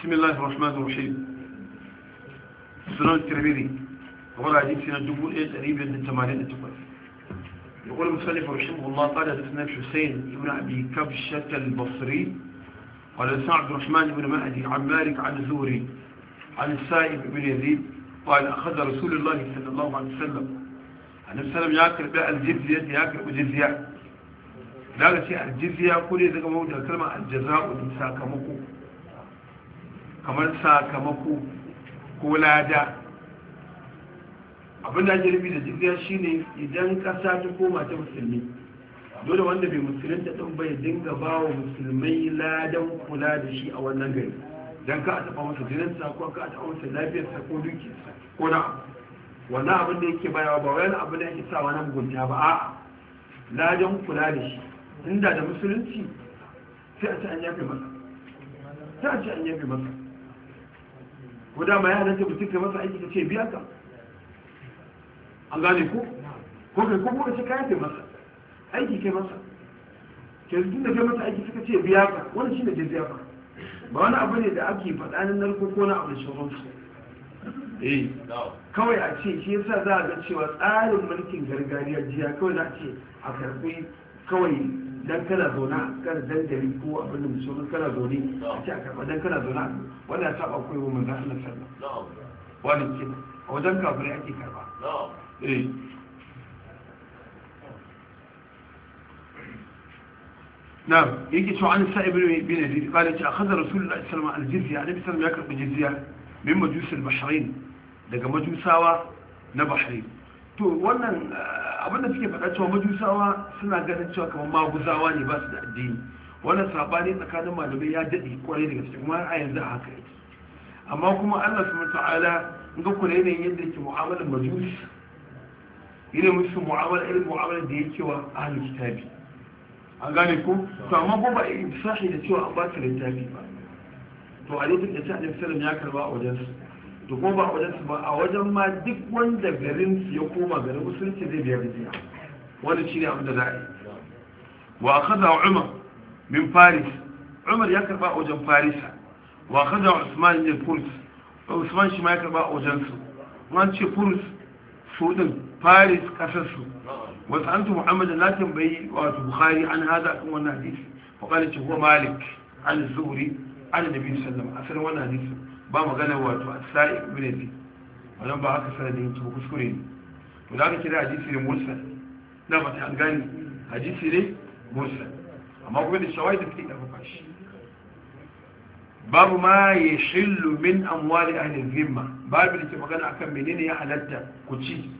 بسم الله الرحمن الرحيم سنن الترمذي وقال حديث سنة دبول إيه قريب من ثمانين التقوى يقول المصنف رحمه الله قال حدثنا حسين بن أبي كبشة البصري قال حدثنا عبد الرحمن بن مهدي عن مالك عن زوري عن السائب بن يزيد قال أخذ رسول الله صلى الله عليه وسلم عن السلام يأكل بقى الجزية يأكل الجزية لا شيء الجزية كل إذا كما الكلمة الجزاء والمساكمكم kamar sakamako ko lada abin da ake rufi da jirgin ne idan ƙasa ta koma ta musulmi dole wanda bai musulunta ɗin bai dinga ba wa musulmai ladan kula da shi a wannan gari don ka a taɓa masa jininsa ko ka a taɓa masa lafiyarsa ko dukiyarsa ko na wannan abin da yake bayawa ba wani abin da yake sa wani gunta ba a'a ladan kula da shi inda da musulunci sai a ci an yafe masa sai a ci an yafe masa ko dama ya halatta mutum kai masa aiki ka ce biya ka an gane ko ko kai ko kuma shi kayan kai masa aiki kai masa ke tun da kai masa aiki suka ce biya ka wani shi ne jaziya ba ba wani abu ne da ake faɗa na narko ko na abin sharon su eh kawai a ce shi yasa za a ga cewa tsarin mulkin gargajiya kawai za a ce a karɓi kawai dan kana zauna kan dandali ko abin da musulun kana zaune a ce a karɓa dan kana zaune wanda ya saba koyo manzan Allah sallallahu wani kin a wajen kafirai ake karba. نعم يجي عن سائب بن يزيد قال أخذ رسول الله صلى الله عليه وسلم الجزية النبي صلى الله عليه وسلم الجزية من مجوس البحرين daga majusawa na bahrain to wannan abinda suke faɗa cewa majusawa suna ganin cewa kamar maguzawa ne ba su da addini wannan sabani tsakanin malamai ya daɗe kwarai daga cikin kuma a yanzu haka yake amma kuma allah su ta'ala in ga kula yanayin yadda yake mu'amalar majus irin musu mu'amala irin mu'amalar da yake wa ahalin kitabi an gane ko to amma ko ba sahi da cewa an ba su littafi ba to a lokacin da ta alaihi ya karba a wajen su. to ko ba a wajen su ba a wajen ma duk wanda garin su ya koma garin musulunci zai biya gajiya wani shine abin da za a yi wa akhadha umar min faris umar ya karba a wajen farisa wa akhadha usman ne furs usman shi ma ya karba a wajen su wannan ce furs su din faris kasar su wasu an tu muhammadin na tambayi wato bukhari an hada kan wannan hadisi fa qala huwa malik an zuhri an nabi sallallahu alaihi wasallam wannan hadisi ba magana wato sa'i ibn wannan ba haka sanadin ki kuskure ne to da aka kira hadisi ne mursal na ba ta an gani hadisi ne mursal amma kuma da shawai da take shi babu ma ya shillu min amwali ahli zimma babu da ke magana akan menene ya halatta ku ci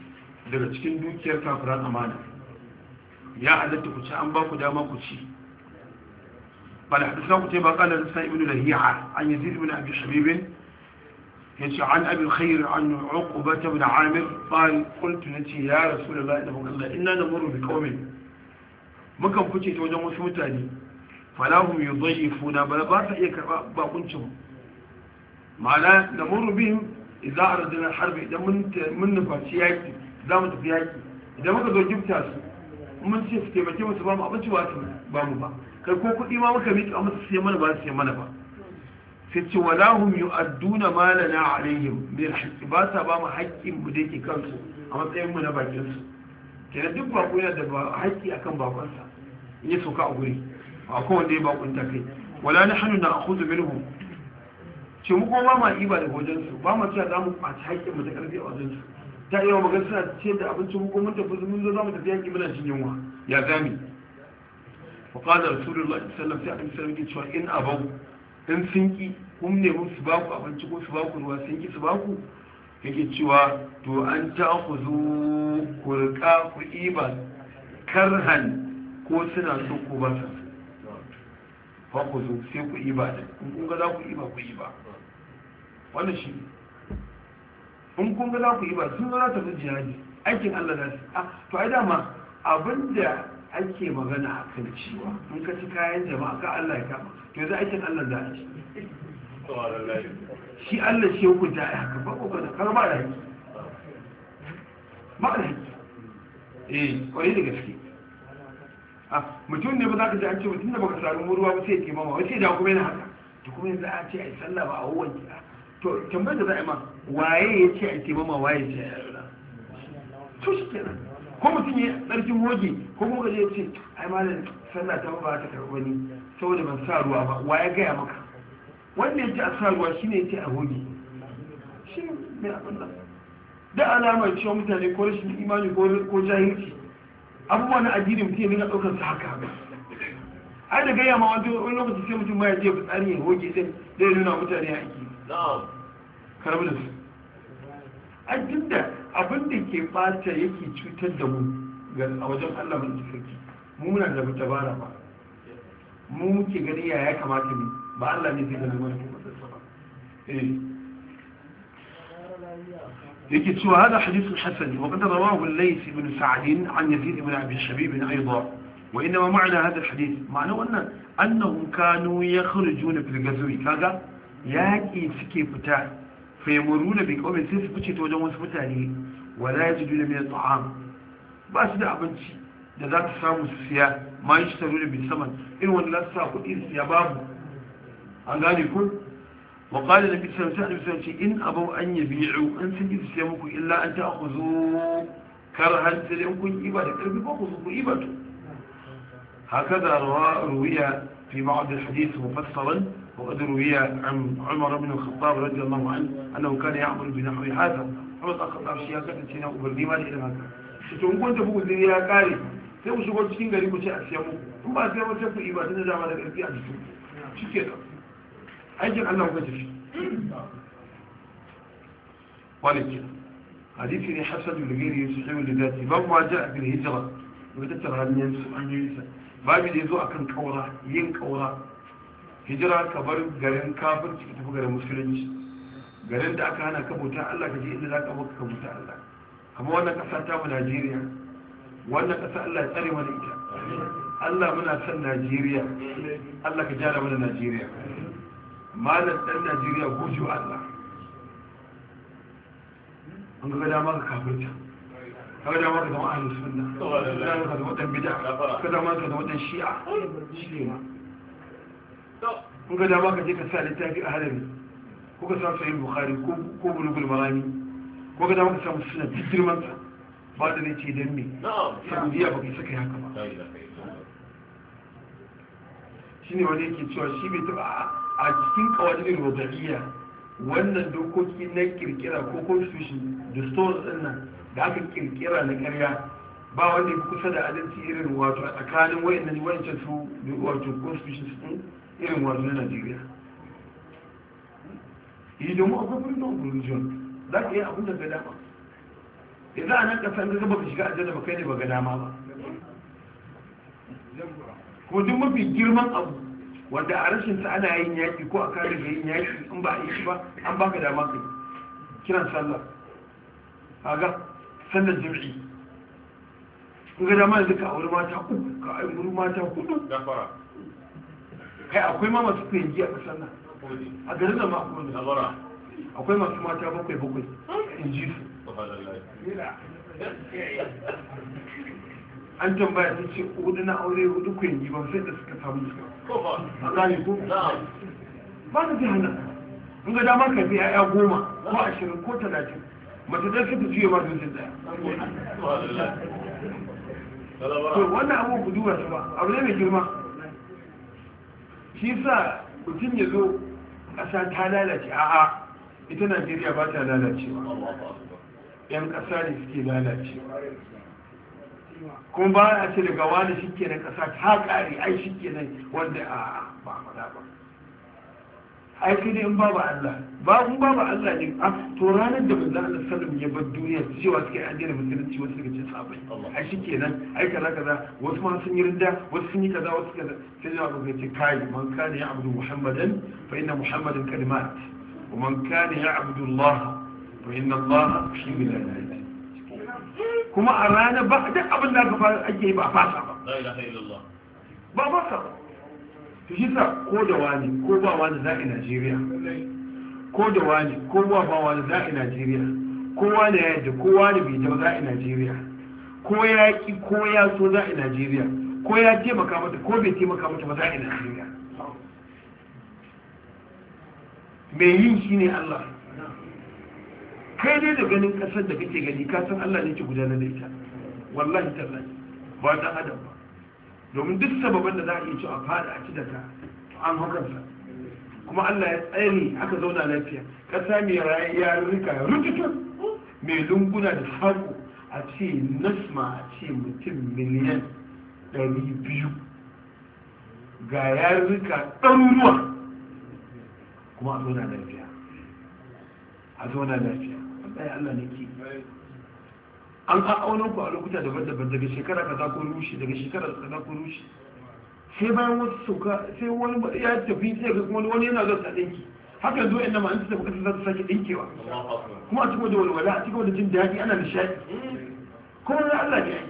daga cikin dukiyar kafiran amana ya halatta ku ci an ba ku dama ku ci bal hadisa ku ce ba qala sa'ibnu lahiya an yazid ibn abi yace an abin khairu an uqba ibn amir qal qultu nati ya rasulullah inna Allah inna namuru bi qaumin mukan kuce ta wajen wasu mutane falahum yudayifuna bal ba ta iya karba ba kunci mu mala namuru bihim idza aradna al harb idan mun mun nufaci yaki za mu tafi yaki idan muka zo gifta su mun ce su taimake musu ba mu abinci ba mu ba kai ko kuɗi ma muka miƙa musu sai mana sai mana ba sai ce wala hum yu'adduna ma lana alaihim bil haqqi ba ta ba mu haƙƙin mu dake kansu a matsayin mu na bakin su kenan duk bako yana da haƙƙi akan bakonsa in yi soka a guri ba ko wanda ya ta kai wala nahnu na'khudhu minhum ce mu kuma ma iba da wajen su ba mu cewa mu ɓaci haƙƙin mu da ƙarfi a wajen su ta iya magana suna ce da abinci mu kuma tafi mun zo mu tafi haƙƙi muna jin yunwa ya zami وقال رسول الله صلى الله عليه وسلم in abau in sinki ki kun nemi su ba ku abinci ko su ba ku ruwa sinki su ba ku yake cewa to an ta ku zo ku rika ku iba karhan ko suna so ko ba sa fa ku zo sai ku iba da in kun ga za ku iba ku iba wannan shi in kun ga za ku iba sun zo za ta fi jihadi aikin Allah za su ah, to ai dama abinda ake magana a kan cewa in ka ci kayan jama'a ka Allah ya kama to za aikin Allah za a ci shi Allah shi ya hukunta ya haka ba ko kar ma da haki ma da haki eh kwarai da gaske a mutum ne ba za ka ji an ce mutum da baka samu ruwa ba sai ya ke mama wace da kuma yana haka to kuma yanzu a ce a yi sallah ba a wanke a to tambayar da za a yi ma waye ya ce a ke mama waye ya ce a yi to shi kenan ko mutum ya tsarkin hoge ko kuma gaje ce ai malam sallah ta ba ta karɓa ni saboda ban sa ruwa ba wa ya gaya maka wanda ya ce a sa ruwa shine ya ce a hoge shi ne abin da? da alamar cewa mutane ko rashin imani ko jahilci abubuwa na addini mutum ya nuna ɗaukar su haka ai da gaya ma wani lokaci sai mutum ma ya je fitsari ya hoge sai zai nuna mutane a aiki karbi da su a duk da abin da ke fata yake cutar da mu a wajen allah mai mu muna da tabara ba mu muke gani ya ya kamata ne ba allah ne zai gani wani يكي سوى هذا حديث حسن وقد رواه الليث بن سعد عن يزيد بن عبد الشبيب أيضا وإنما معنى هذا الحديث معنى أن أنهم كانوا يخرجون في الغزو كذا يكي سكي بتاع fa yamuruna bi qawmin sai su fice ta wajen wasu mutane wala yajiduna min at'am ba su da abinci da za ta samu su siya ma yi shi da bin saman irin wanda za su sa kuɗi siya babu an gane kun wa qala nabi sallallahu alaihi wasallam ce in abau an yabi'u an sun yi su siya muku illa an ta'khudhu karhan in kun yi ba da karfi ba ku ku yi ba to hakaza ruwa, ruwiya fi ba'd hadisi hadith mufassiran وقد روي عن عمر بن الخطاب رضي الله عنه أنه كان يعمل بنحو هذا عمر بن الخطاب shi ya kasance na ubarni ma da irin haka shi to kun tafi ku ya kare sai ku shigo cikin gari ku ce a siya mu kun ba sai wata ku iba tana dama da karfi a jikin shi ke da aikin Allah ku tafi walaki hadisi ne hasadu da gairi yusuf ibn lidati babu ma ja'a bil hijra wata tarahiyyar su an yi sa babu da yazo akan kaura yin kaura hijira ka bar garin kafirci ciki tafi garin musulunci garin da aka hana ka bauta Allah ka je inda za ka bauta ka bauta Allah kamar wannan ƙasa ta mu Najeriya wannan ƙasa Allah ya tsare mana ita Allah muna son Najeriya Allah ka jara mana Najeriya malam dan Najeriya gujewa Allah an ga dama ka kafirta kaga dama ka zama ahlus sunna kaga dama ka zama dan bid'a kaga dama ka zama shi'a shi ne in ga dama ka je ka sa littafi a halari ko ka samu sahih bukhari ko bulugul marami ko ka dama ka samu suna girman sa ba da ne ce dan me saudiya ba kai saka haka ba shine wani yake cewa shi bai taba a cikin kawajirin rodariya wannan dokoki na kirkira ko constitution da stores din nan da aka kirkira na ƙarya ba wanda ya kusa da adalci irin wato a tsakanin wayannan wancan su wato constitution din irin wani na nigeria yi domin akwai freedom of religion za ka yi abin da ga dama idan a nan kasar ga ka shiga aljanna ba kai ne ba ga dama ba ko duk mafi girman abu wanda a rashin sa ana yin yaki ko a kare da yin yaki in ba a yi ba an baka dama kai kiran sallah a kaga sallar jami'i kun ga dama yanzu ka auri mata uku ka auri mata hudu kai akwai ma masu kuyan ji a kasar nan a garin da ma akwai masu mata bakwai bakwai in ji su an tambaya sun ce hudu na aure hudu ku ba sai da suka samu suka a gane ko ba ta jihanna in ga damar ka biya ya goma ko ashirin ko talatin mace don sai ta juye ma dutsen daya wannan abu ku duba su ba abu ne mai girma shi sa mutum ya zo ƙasa ta lalace a'a ita najeriya ba ta lalacewa yan ƙasa ne suke lalacewa kuma ba a ce daga wani shi kenan ƙasa ta ƙare ai shi kenan wanda a ba ba ai sai dai in babu Allah babu babu Allah ne a ah, to ranar da manzo Allah sallallahu ya bar duniya cewa suke addinin musulunci wasu suka ce sabai ai shikenan ai kaza kaza wasu ma sun yi rinda wasu sun yi kaza wasu kaza sai ya ga ce kai man kana ya abdu muhammadan fa inna muhammadan kalimat wa man kana ya abdu Allah fa inna Allah fi bilalati kuma a ranar ba duk abin da aka fara ake yi ba fasa ba la ilaha illallah ba fasa ba to shi sa ko da wani ko ba wani za najeriya ko da wani ko ba ba wani za najeriya ko wani ya yadda ko wani bai jama za najeriya ko ya ki ko ya so za najeriya ko ya taimaka mata ko bai taimaka mata ba za najeriya mai yin shi ne allah kai dai da ganin kasar da kake gani san allah ne ke gudanar da ita wallahi tallahi ba dan adam ba domin duk sababan da za a iya ci a fada a ci da ta an hakansa kuma Allah ya tsaye ne aka zauna lafiya kasa mai rika rututu mai lunguna da saƙo a ce nasma a ce mutum miliyan ɗari biyu ga rika ɗaruruwa kuma a zauna lafiya a zauna lafiya Allah ne ke an haɗa wani ku a lokuta daban-daban daga shekara kaza ko rushe daga shekara kaza ko rushe sai bayan wasu sauka sai wani ya tafi sai ga wani wani yana zarta ɗinki haka zuwa inda ma'an tafi kasa za ta sake ɗinkewa kuma a cikin da walwala a cikin da jin daɗi ana nishaɗi kuma na Allah ne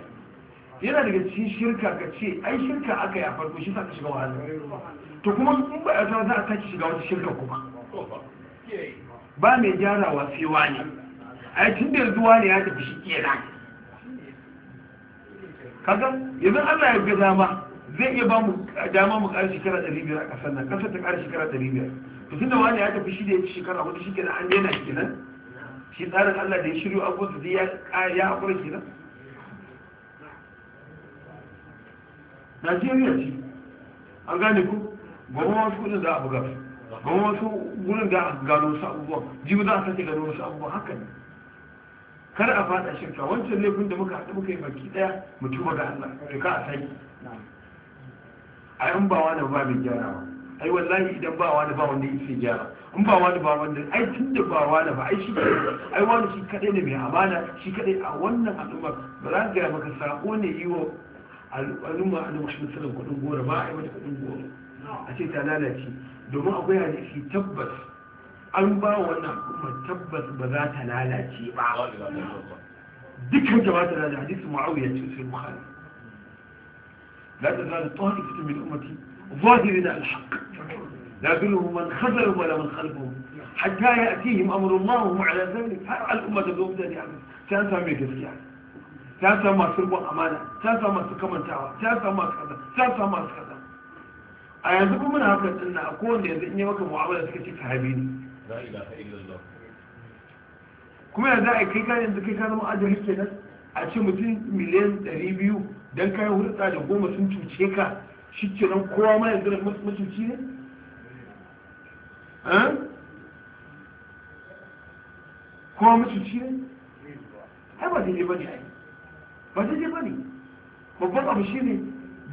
yana daga cikin shirka ka ce ai shirka aka ya farko shi sa ka shiga wahala to kuma in ba ya za a sake shiga wata shirka kuma ba mai gyarawa sai wani a tun da yanzu wani ya tafi shi ke nan kaga yanzu allah ya ga dama zai iya ba mu dama mu ƙara shekara ɗari biyar a ƙasar nan ƙasar ta ƙara shekara ɗari biyar to tun da wani ya tafi shi da ya ci shekara wata shi kenan an daina shi kenan shi tsarin allah da ya shirya abubuwan da zai ya haƙura kenan najeriya ce an gane ku gwamnati wasu kudin za a buga su gwamnan wasu gurin da a gano wasu abubuwan jibi za a sake gano wasu abubuwan haka ne kar a fada shirka wancan laifin da muka haɗu muka yi baki ɗaya mu tuba ga Allah to ka a sani. a in ba wani ba mai gyara ba ai wallahi idan ba wani ba wanda yake gyara in ba wani ba wanda ai tun da ba wani ba ai shi ai wani shi kadai ne mai amana shi kadai a wannan al'umma ba za ka ga maka sako ne yi wa al'umma a lokacin sanin kuɗin gora ba a yi mata kuɗin gora a ce ta lalace domin akwai hadisi tabbas an ba wannan kuma tabbas ba za ta lalace ba dukkan jama'a ta lalace hadisi ma'auya ce sai bukhari la ta zala ta'ifatu min ummati zahirin al-haqq la zulhum man khazalhum wa la man khalfahum hatta ya'tihim amru Allah hum ala zalik har al-umma da zuwa da ya ta samu gaskiya ta samu masu rubon amana ta samu masu kamantawa ta samu masu kaza ta samu masu kaza a yanzu kuma na haka tsinna a kowanne yanzu in yi maka mu'amala suka ce sahabi ne kuma yanzu a kai kayan yanzu kai ka zama adali nan a ce mutum miliyan 200 don kayan hulɗa da goma sun cuce ka shi nan kowa ma yanzu cuci ne kowa macuci ne ai ba daidai ba ne ai ba daidai ba ne babban abu shi ne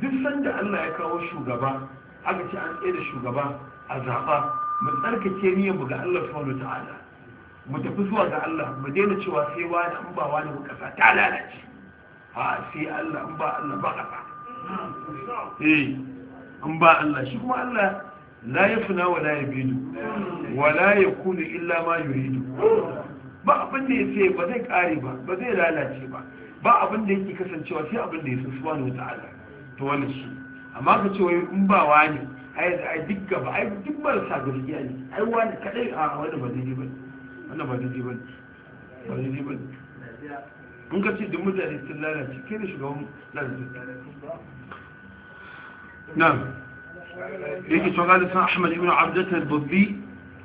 duk sanda allah ya kawo shugaba aka ce an tsaye da shugaba a zaɓa mu tsarkake niyyar mu ga Allah subhanahu ta'ala mu tafi zuwa ga Allah mu daina cewa sai wani an ba wa ba kasa ta lalace ha sai Allah an ba Allah ba kasa eh an ba Allah shi kuma Allah la yafna wa la yabidu wa la yakunu illa ma yuridu ba abin da yake ba zai kare ba ba zai lalace ba ba abin da yake kasancewa sai abin da yake subhanahu ta'ala to wannan shi amma ka ce wai in ba ne. wani kadai a wani ba daidai ba ba daidai ba ba daidai ba ka ce duk mutane sun lalace kai da shugaban lalace نعم يجي قال أحمد بن عبد الله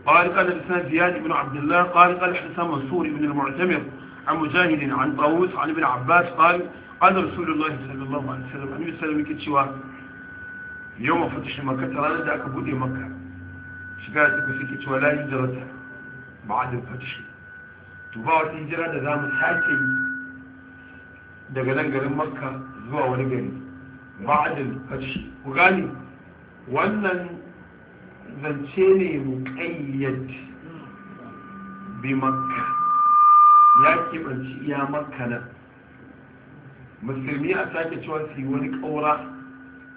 قال قال لسان زياد بن عبد الله قال قال حسام منصور بن المعتمر عن مجاهد عن طاووس عن ابن عباس قال قال رسول الله صلى الله عليه وسلم النبي صلى الله عليه وسلم yau ma fita shi maka ta ranar da aka bude maka shiga da suka suke cewa layin jirata ba a dukkan shi to ba wata hijira da za mu sake yi daga nan garin makka zuwa wani gari ba a dukkan shi ku gane wannan zance ne mu kayyad bi makka ya keɓanci iya makka nan musulmi a sake cewa su yi wani ƙaura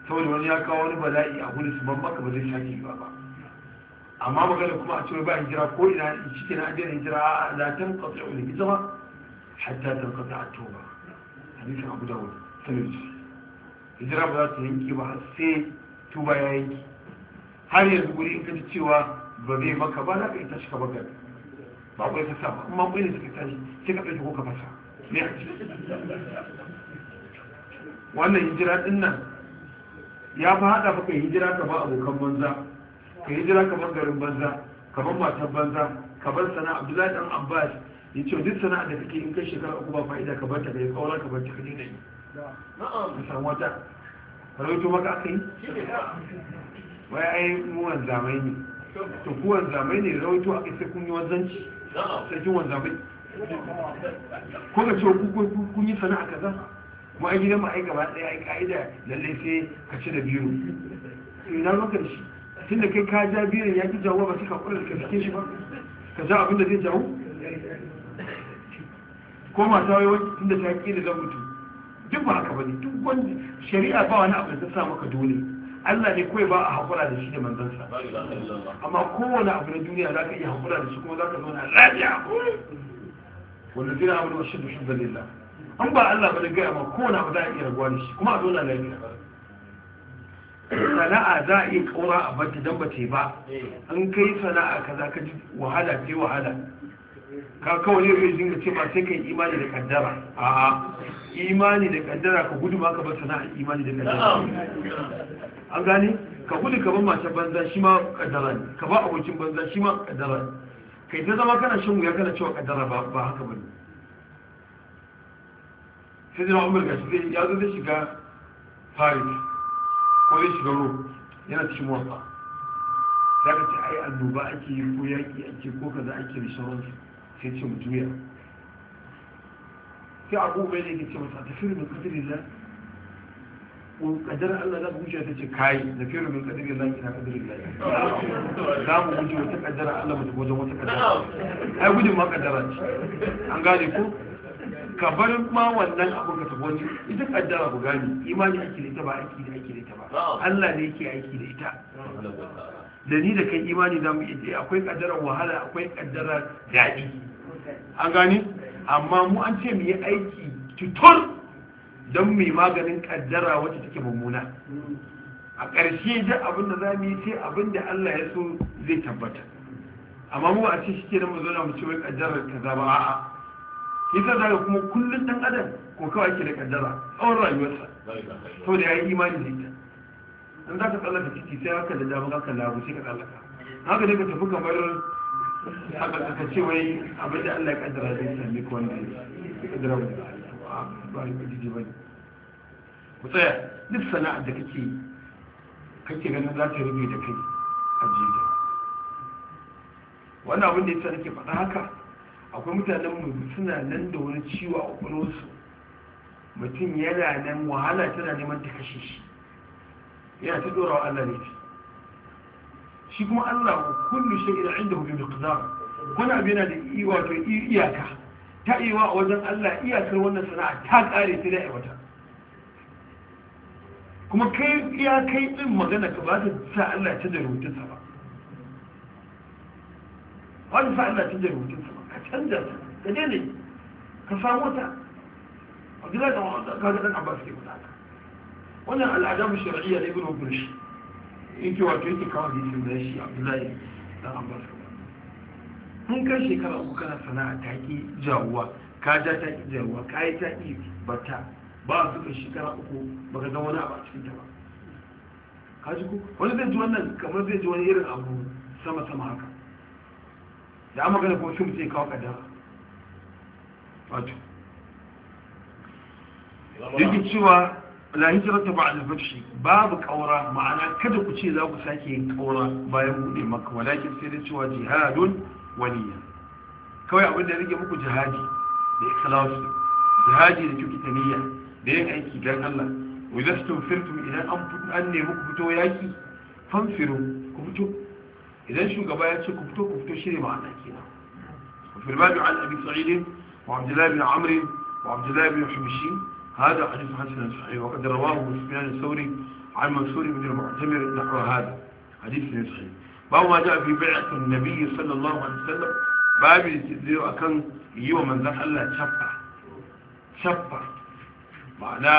saboda wani ya kawo wani bala'i a gudu su ban maka ba zai shafi ba ba amma magana kuma a cewa ba hijira ko ina cike na ajiyar hijira a la wani ul hijra hatta tanqati a tauba hadisin Abu Dawud sanin hijira ba za ta yanke ba sai tuba ya yanki har yanzu guri in kaji cewa ba zai maka ba za ka ita shi ka gani ba ku ta sa ba amma ku ne suka tashi sai ka ɗauki ko ka fasa ne a wannan hijira din nan ya fa kai hijira ka ba abokan banza ka hijira ka bar garin banza ka bar matan banza ka bar sana'a abdullahi dan abbas ya ce duk sana'a da kake in kai shekara uku ba fa'ida ka bar ta kai kaura ka bar ta kai ne na'am ka samu wata rawaito maka aka yi wai ai mu wanzamai ne to ku wanzamai ne rawaito aka sai kun yi wanzanci sai kin wanzamai ko ka ce kun yi sana'a kaza kuma a gidan ma'aika ba ɗaya ai ƙa'ida lallai sai ka ci da biyu ina maka da shi tun da kai ka ja biyu ya ki jawo ba sai ka kula da ka fike shi ba ka ja abin da zai jawo ko masu wai tun da ta ƙi da zan mutu duk ba haka ba ne duk wanda shari'a ba wani abu da ta sa maka dole Allah ne kawai ba a haƙura da shi da manzansa amma kowane abu na duniya za ka iya haƙura da shi kuma za ka zauna lafiya wanda zai na abu da wasu da shi zalila an ba Allah bane gaya ma ko na ba za a iya rabuwa da shi kuma a zauna lafiya sana'a za a iya kaura a bata don ba ba an kai sana'a kaza ka ji wahala ce wahala ka kawai ne zai dinga ce sai sai kai imani da kaddara a'a imani da kaddara ka gudu ma ka bar sana'a imani da kaddara an gane ka gudu ka bar mace banza shi ma kaddara ne ka ba abokin banza shi ma kaddara ne kai ta zama kana shan wuya kana cewa kaddara ba haka ba ne. sai zina umar gashi zai ya zo zai shiga faris ko zai shiga ro yana cikin wasa za ka ce ai annoba ake yi ko yaƙi ake ko kaza ake da shawararsu sai ce mu juya sai abu mai ne ke ce masa tafiru min kadirin la kadar Allah za ku wuce ta ce kai tafiru min kadirin la ina kadirin la za mu wuce wata kadara Allah mutu wajen wata kadara ai gudun ma kadara ce an gane ko ka bar ma wannan abu ka tafi wani ita kaddara ku gani imani ake da ita ba aiki da ake da ita ba Allah ne yake aiki da ita da ni da kai imani zamu iya akwai kaddarar wahala akwai kaddarar daɗi an gani amma mu an ce mu yi aiki tutur don mu yi maganin kaddara wacce take mummuna a ƙarshe da abin da za mu yi sai abin da Allah ya so zai tabbata amma mu a ce shi ke da mu zo na mu ce wai kaddarar kaza ba a'a yasa daga kuma kullum dan adam ko kawai yake da kaddara tsawon rayuwarsa to da yi imani da ita dan zaka tsallaka ciki sai haka da dama haka labu sai ka tsallaka haka dai ka tafi kamar haka ka ce wai abin da Allah ya kaddara zai sami ko wanda ya kaddara wanda ba ba ya kaddara ba ne ku tsaya duk sana'ar da kake kake ganin za ta rubuta kai a jiya wannan abin da yasa nake faɗa haka akwai mutanen mu suna nan da wani ciwo a kwakwalwarsu mutum yana nan wahala tana neman ta kashe shi yana ta dorawa allah ne shi kuma allah kullu shi ila inda hujjar miqdar wani abu yana da wato iyaka ta iwa a wajen allah iyakar wannan sana'a ta kare ta da aiwata kuma kai ya kai din magana ka ba ta sa allah ta da rubutunsa ba ba ta sa allah ta da rubutunsa ka canza ka daina ka samu ta a gida da wanda ka ga dan abbas ke guda ka wannan al'adam shar'iyya ne ibn bursh yake wato yake kawo hadisin da shi abdullahi dan abbas mun kai shekara uku kana sana'a ta ki jawuwa ka ja ta ki jawuwa ka yi ta ki bata ba su ka shekara uku ba ka zama wani abu a cikin ta ba ka ji ko wani zai ji wannan kamar zai ji wani irin abu sama sama haka da an magana kuma sai mutum kawo kaddara wato yake cewa la hijrata ba'da al-fath babu kaura ma'ana kada ku ce za ku sake yin kaura bayan bude maka walakin sai da cewa jihadun waniya kawai abin da rike muku jihadi da ikhlasu jihadi da kyautata niyya da yin aiki dan Allah wa idastum firtum idan an nemi ku muku fito yaki firin ku fito idan shugaba ya ce ku fito ku fito shi ne ba ana kina ku firma bi an abi sa'ili wa abdullahi bin amri wa abdullahi bin shubishi hada hadith hasan sahih wa qad rawahu musliman thawri an mansur bin mu'tamir nahwa hada hadith sahih ba ma ja fi bi'at an nabiy sallallahu alaihi wasallam babi zai akan yi wa manzan Allah chaffa chaffa ma'ana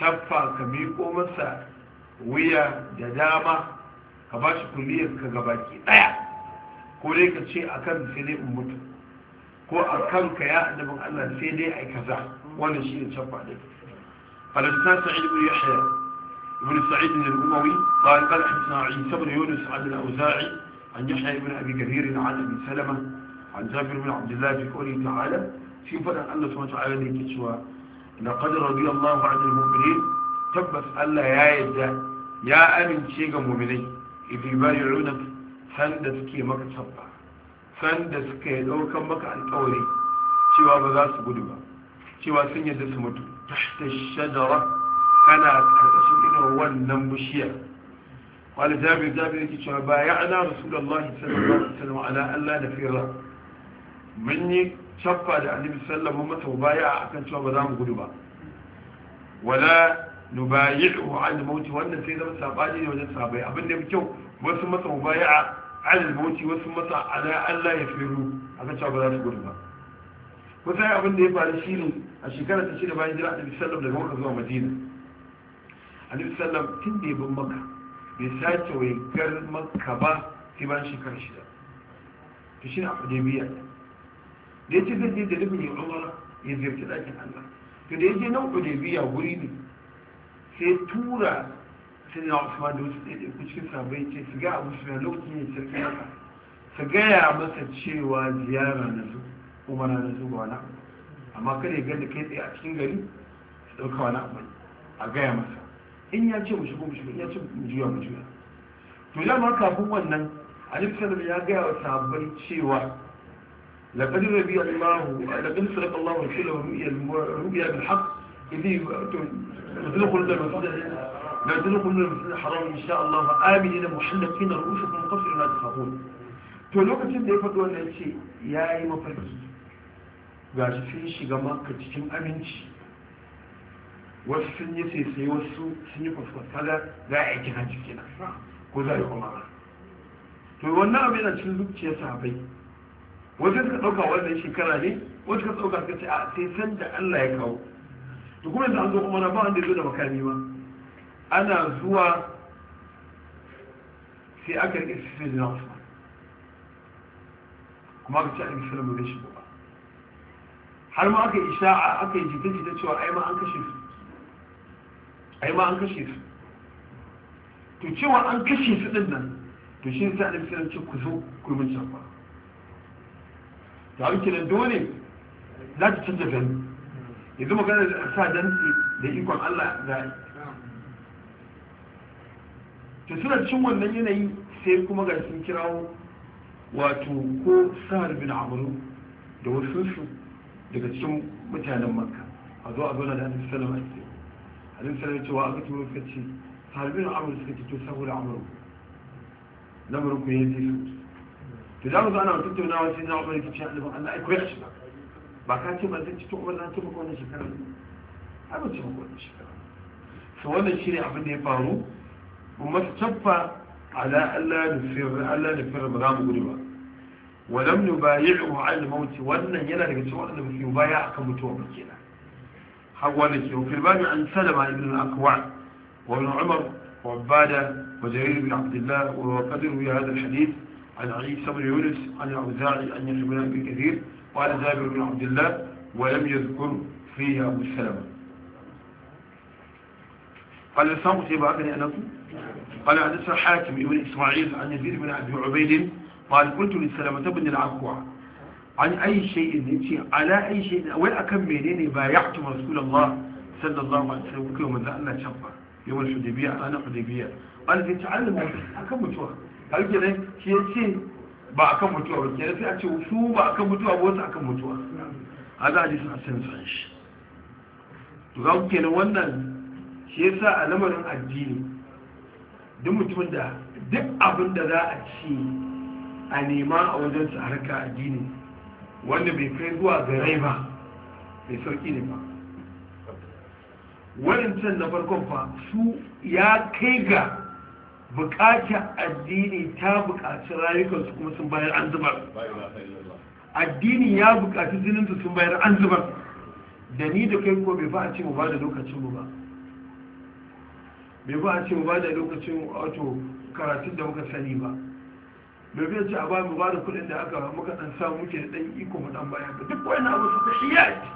chaffa kamiko masa wuya da dama ka ba shi ka gabaki daya ko dai ka ce akan sai dai in mutu ko a kanka ya annabin Allah sai dai ai kaza wannan shi ne can faɗi falastan sa'id ibn yahya ibn sa'id ibn al-umawi qala qala hadithna isa ibn yunus an al-auza'i an yahya ibn abi kathir an abi salama an jabir ibn abdullah fi qawli ta'ala shi fadan Allah subhanahu wa ta'ala ne ke cewa laqad radiyallahu 'anil mu'minin tabbas Allah ya yarda ya amince ga mu'minai idi bayu'unak san da suke maka sabba sanda da suke daukan maka alƙawari cewa ba za su gudu ba cewa sun yadda su mutu tahta shajara kana karkashin irin wannan bishiyar wani jami'in jami'in yake cewa ba ya ana rasulullahi da alaihi wasallam ala Allah da firra mun yi shaffa da annabi sallallahu alaihi wasallam masa baya akan cewa ba za mu gudu ba wala nubayi'u an mauti wannan sai zama sabani ne wajen sabai abin da ya kyau wasu masa mubayi'a an mauti wasu masa ala Allah ya firu aka cewa ba za su gudu ba kusa abin da ya faru shi ne a shekarar ta shida bayan jira annabi sallam daga maka zuwa madina annabi sallam tun da ya bin maka bai sace wai gar maka ba sai bayan shekarar shida to shi ne a hudaybiya da ya ce zai je da nufin ya umara ya ziyarci ɗakin Allah to da ya je nan hudaybiya wuri ne sai tura sai na usman da wasu ɗaiɗe cikin sabai ce su ga abu suna lokacin yin sarki nasa su gaya masa cewa ziyara na su kuma na su ba wani amma kada ya gani kai tsaye a cikin gari su ɗauka wani abu a gaya masa in ya ce mu shigo mu shigo in ya ce mu juya mu juya to kafin wannan alif sanar ya gaya wa sabai cewa لقد ربي الله لقد صدق الله رسوله رؤيا بالحق إذ وتدخل haram insha تدخل المسجد الحرام إن شاء الله آمنين محلقين رؤوسكم قصر لا تخافون to lokacin da ya faɗi wannan ce ya yi mafarki ga shi sun shiga maka cikin aminci wasu sun yi sai wasu sun yi kwaskwaskada za a yi hajji kenan ko za a yi kuma to wannan abin na cikin zuciya sahabai wajen ka ɗauka wannan shekara ne wajen ka ɗauka ka ce a sai san da allah ya kawo to kuma yanzu an zo kuma na ba wanda ya zo da makami ma ana zuwa sai aka rike sai da usman kuma aka ci a rike salamu da ba har ma aka isha a aka yi jita-jita cewa ai ma an kashe su ai ma an kashe su to cewa an kashe su din nan to shi sai da fitar ce ku zo kurmin shafa to a kenan dole za ta canza fahimta yanzu magana da sa dantsi da ikon Allah za a ta suna cin wannan yanayi sai kuma ga sun kirawo wato ko sa'ar bin amuru da wasu su daga cikin mutanen makka a zo a zo na da hannun salam a ce hannun salam cewa a kacin mafi ce sa'ar bin amuru suka cikin saboda amuru lamarin ku yanzu su to da mu zo ana tattaunawa sai na amuru ke a alifin Allah ai ku ya shi ba ba ka ce ba zai ci tukwar na ci maka wani shekara har ba ci maka wani shekara su wannan shi ne abin da ya faru kuma ta tabba ala Allah da firra Allah da firra ba za mu gudu ba ولم نبايعه على الموت wannan yana daga cikin wanda ba su baya akan mutuwa ba kenan hawa da ke fil babu an salama ibn al-aqwa wa ibn umar wa abada wa jarir bin abdullah wa qadru ya hada al-hadith عن عيسى بن يونس عن الأوزاعي عن يحيى بن أبي كثير قال جابر بن عبد الله ولم يذكر فيها أبو سلمة قال لسان قتيبة بعدني أنا قال حدثنا حاتم بن إسماعيل عن يزيد بن عبد عبيد قال قلت لسلمة بن العكوع عن أي شيء نمشي على أي شيء وين أكملين بايعت رسول الله صلى الله عليه وسلم يوم ذا الله شفا يوم الحديبية أنا حديبية قال لي تعلم أكمل شوها هل كده شيء ba akan mutuwa ba sai a ce su ba akan mutuwa ba wasu kan mutuwa a za a ji suna san san shi to za ku kenan wannan shi sa a lamarin addini duk mutumin da duk abin da za a ci a nema a wajen su harka addini wanda bai kai zuwa ga rai ba mai sauki ne ba wadancan na farkon fa su ya kai ga bukatar addini ta bukaci rayukansu kuma sun bayar an zubar addini ya bukaci jininsu sun bayar an zubar da ni da kai ko bai ba a ce mu ba da lokacin mu ba bai ba a ce mu ba da lokacin wato karatun da muka sani ba bai bai ce a ba mu ba da kudin da aka muka dan samu muke da dan iko mu dan bayan duk wani abu su kashi ya ce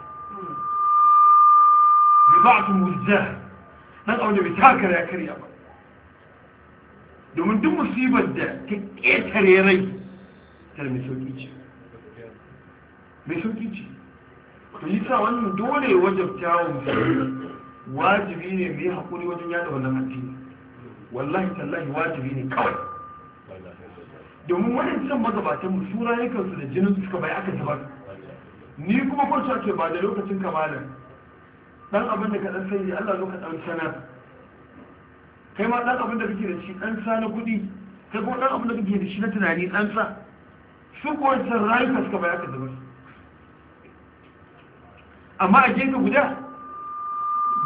bai ba a mu zai dan abu da bai takara ya karya ba domin duk musibar da ta ƙetare rai ta mai sauƙi ce mai sauƙi ce ta yi sa wani dole wajabta wa musulmi wajibi ne mai haƙuri wajen yada wannan addini wallahi tallahi wajibi ne kawai domin wani can magabatan mu sura da jinin suka bai aka zubar ni kuma kwarci ake ba da lokacin kamalan dan abin da ka ɗan sai Allah zo ka kai ma dan abin da kake da shi dan sa na kuɗi kai kuma dan abin da kake da shi na tunani dan sa su kuwa san rayuka suka bayar ka zubar amma a gefe guda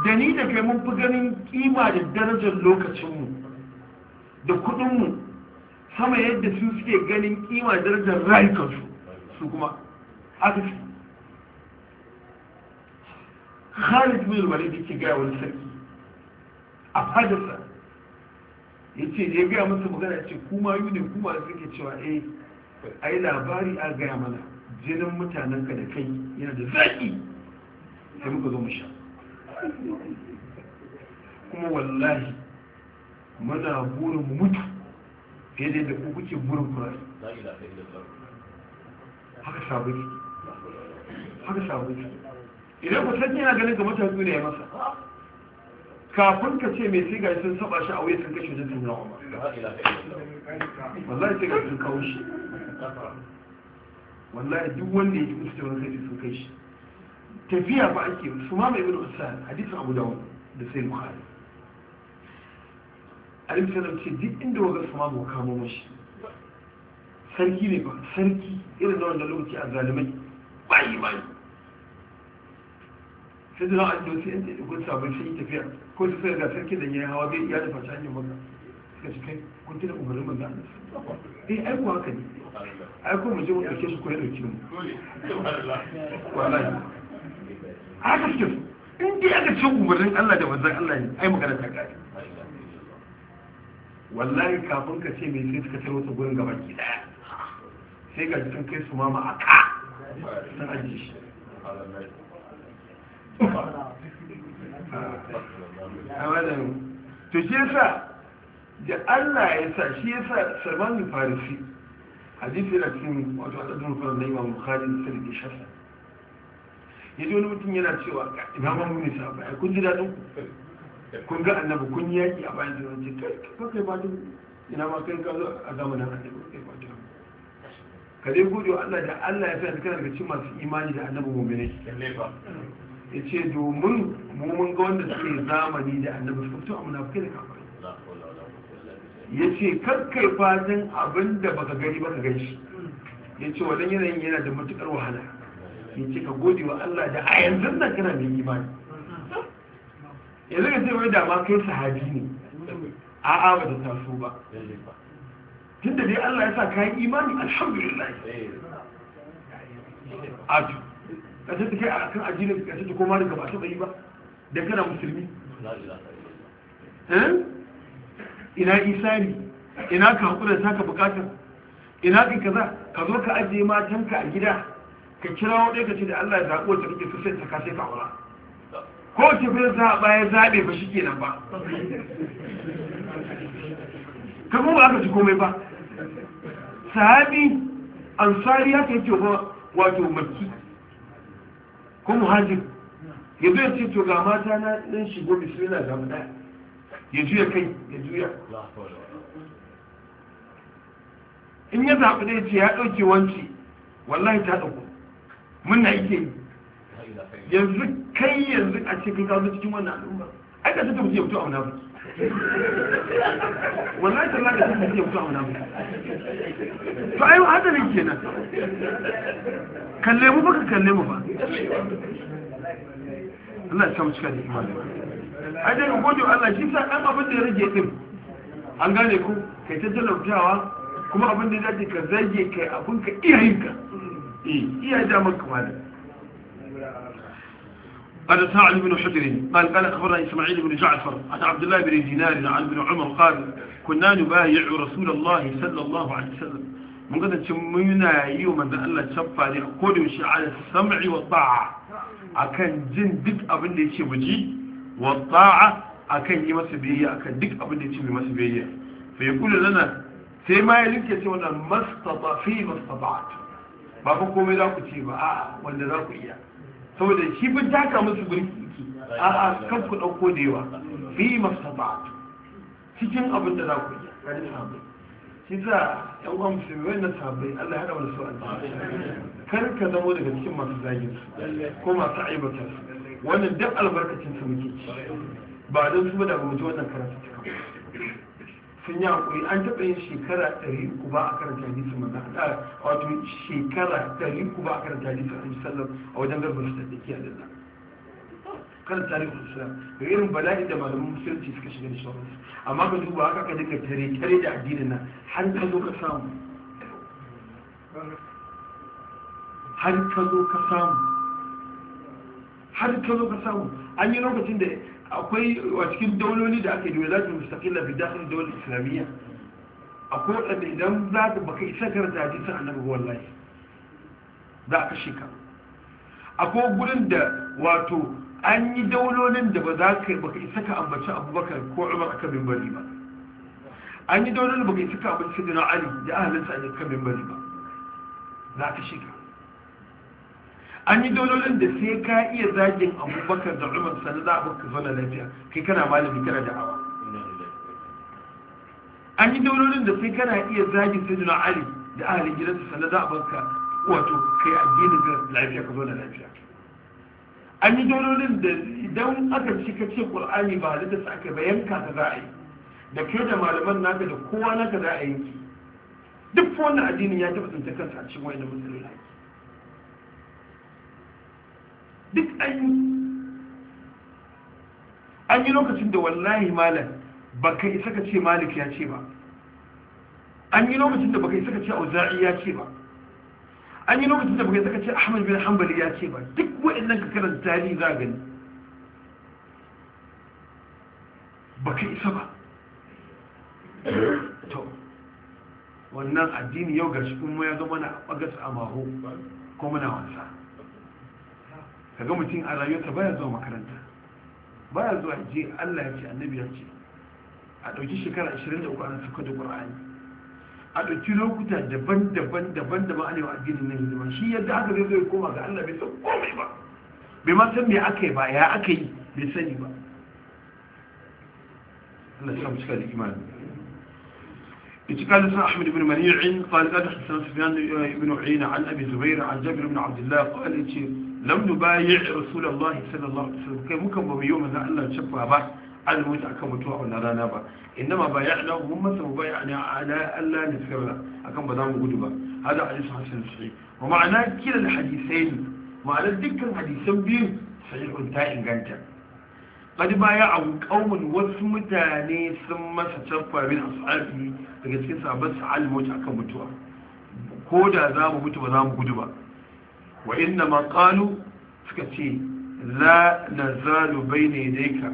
da ni da kai mun fi ganin kima da darajar lokacinmu da kuɗinmu sama yadda su suke ganin kima da darajar rayukansu su kuma haka su Khalid bin Walid yake gaya wani sarki a fadarsa ya ce ya gaya masa magana ce kuma yi ne kuma suke cewa eh a yi labari a gaya mana jinin mutanenka da kai yana da zaki sai muka zo mu sha kuma wallahi muna burin mu mutu fiye da yadda kuke burin kurari haka sabu haka sabu idan ku sanya ganin ga mutane ne ya masa kafin ka ce mai siga sun saba shi a wuya sun kashe da jimla ba. wallahi sai ka sun kawo shi wallahi duk wanda ya ji musu tawar sai sun kai shi tafiya ba ake su ma mai ibn usan hadisun abu dawud da sai bukhari alim sallam ce duk inda wa su ma mu kamo mashi sarki ne ba sarki irin da wanda lokaci a zalimai bayi bayi sai da na addo sai yadda ikon sabon sai tafiya ko su ga sarki da ya hawa zai da fashe hanyar maka suka ci kai kun tuna umarnin manzo Allah eh ai ko haka ne ai ko mu je mu dauke su ko ya dauke mu wallahi haka suke su in dai aka ce umarnin Allah da manzon Allah ne ai magana ta gari wallahi kafin ka ce mai sai suka tarwa ta gurin gaba ki daya sai ga sun kai su mama a ka sun ajiye shi to shi yasa da Allah ya sa shi yasa Salman Farisi hadisi da cikin wato adadin faran da Imam Bukhari da Sahih Shafi wani mutum yana cewa Imam Abu Nisa ba kun ji dadin kun ga annabi kun yaki a bayan jiran ji kai kai ba din ina ma kai ka zo a zamanin annabi kai ba din ka dai gode wa Allah da Allah ya sa ka daga cikin masu imani da annabi mu'mini lalle ba ya ce domin mun ga wanda suke zamani da annabi su fito a munafukai da kafin ya ce kakkai fatan abin da baka gani baka gan shi ya ce yanayin yana da matukar wahala ya ce ka gode wa Allah da a yanzu nan kana mai imani yanzu ka sai wai da ma kai sahabi ne a'a ba ta taso ba tun da dai Allah ya sa kayan imani alhamdulillah a kasar ta kai a kan ajiyar kasar ta koma daga masu bayi ba da kana musulmi eh? ina isari ina ka haƙura ta ka bukatar ina ka kaza ka zo ka ajiye ka a gida ka kira wani ka ce da Allah ya zaɓi wata kake sosai sai ta ka ka aura ko ce fa za ba ya zaɓe ba shi kenan ba kamar ba aka ci komai ba sahabi ansari ya kai ce wato makki ko muhajir ya zo ya ce to ga mata na ɗan shigo bisimila ga mu ɗaya ya juya kai ya juya in ya zaɓi da ce ya ɗauke wanci wallahi ta ɗauko muna yake yi yanzu kai yanzu a cikin kawo cikin wannan al'umma ai ka ta tafi ya fito a munafiki wallahi tallahi da sun fiye kusa a wani to ayi hadarin kenan kalle mu baka kalle mu ba Allah ya samu cika da imani ai daga gode Allah shi sa kan abin da ya rage din an gane ku kai ta talautawa kuma abin da ya dace ka zage kai abin ka iya eh, Iyayen da iya daman kamar قال سعد بن حجر قال قال أخبرنا إسماعيل بن جعفر عن عبد الله بن دينار عن ابن عمر قال كنا نبايع رسول الله صلى الله عليه وسلم من قد تمينا يوما أن الله تشفى لأقول على السمع والطاعة أكن جن دك أبن دي شبجي والطاعة أكن يمسبيه أكن دك أبن لي شبجي مسبيه فيقول لنا سيما يلك يتوانا ما استطاع فيه ما استطعت ما لا كتيبة آه ولا لا كتيبة saboda shi bin taka musu gurki a a kan ku dauko da yawa fi mastaba cikin abin da za ku yi a sabai shi za yan uwan musulmi wannan sabai Allah ya da su a kar ka zamo daga cikin masu zagin su ko masu aibatar su wannan duk albarkacin su muke ci ba don su ba da mutu wannan karatu sun yi hakuri an taɓa yin shekara ɗari uku ba a karanta hadisin manzan a wato shekara ɗari uku ba a karanta hadisin an sallam a wajen garbar su da kiyar Allah kan su sa da irin bala'i da malamin musulunci suka shiga da su amma ka duba haka ka dinga tare tare da addinin nan har ka zo ka samu har ka zo ka samu har ka zo ka samu an yi lokacin da akwai a cikin dauloli da ake da zafin mustaƙila fi dakhil dawal islamiyya akwai wadanda idan za ka baka isa karanta hadisin annabi wallahi za ka kashe ka akwai gurin da wato an yi daulolin da ba za ka baka isa ka ambaci abubakar ko umar kamin bari ba an yi daulolin da baka isa ka ambaci sayyidina ali da ahlinsa a kamin bari ba za ka shiga an yi dololin da sai ka iya zagin abubakar da umar sannan za a baka na lafiya kai kana malami kana awa an yi dololin da sai kana iya zagin sai juna ali da ahalin su sannan za a baka wato kai addinin ga lafiya ka na lafiya an yi dololin da idan aka ci ka ce qur'ani ba halitta sa aka bayanka ka za a yi da kai da malaman naka da kowa naka za a yanki duk wannan addinin ya taɓa tsinta kansa a cikin wani musulmi duk an yi an yi lokacin da wallahi malam ba ka isa ka ce malik ya ce ba an yi lokacin da ba ka isa ka ce auza'i ya ce ba an yi lokacin da ba ka isa ka ce ahmad bin hanbali ya ce ba duk waɗannan ka karanta tarihi za gani ba ka isa ba to wannan addini yau ga shi kuma ya zama na ɓagas a maho ko muna wansa kaga mutum a rayuwarsa baya zuwa makaranta baya zuwa je Allah ya ce annabi ya ce a ɗauki shekara 23 ana suka da a ɗauki lokuta daban-daban daban-daban wa addinin na hidima shi yadda aka zai zai koma ga Allah bai san komai ba bai ma san me aka yi ba ya aka yi bai sani ba Allah cika da imani قال سنة أحمد بن منيع قال قال حسن سفيان بن عن أبي زبير عن جابر بن عبد الله قال lam nubayi rasulullahi sallallahu alaihi wasallam kai muka ba mu yi manzo Allah cewa ba almuta akan mutuwa wannan rana ba inda ma baya ala mun masa mu baya ala ala Allah ne sirra akan ba za mu gudu ba hada hadisi hasan sahih wa ma'ana kila alhadisain ma'ana dukkan hadisan biyu sahihun ta inganta qad baya a qaumun wasu mutane sun masa tafa min ashabi daga cikin sahabban sa almuta akan mutuwa ko da za mu mutu ba za mu gudu ba wa inna ma qalu suka ce la nazalu bayna yadayka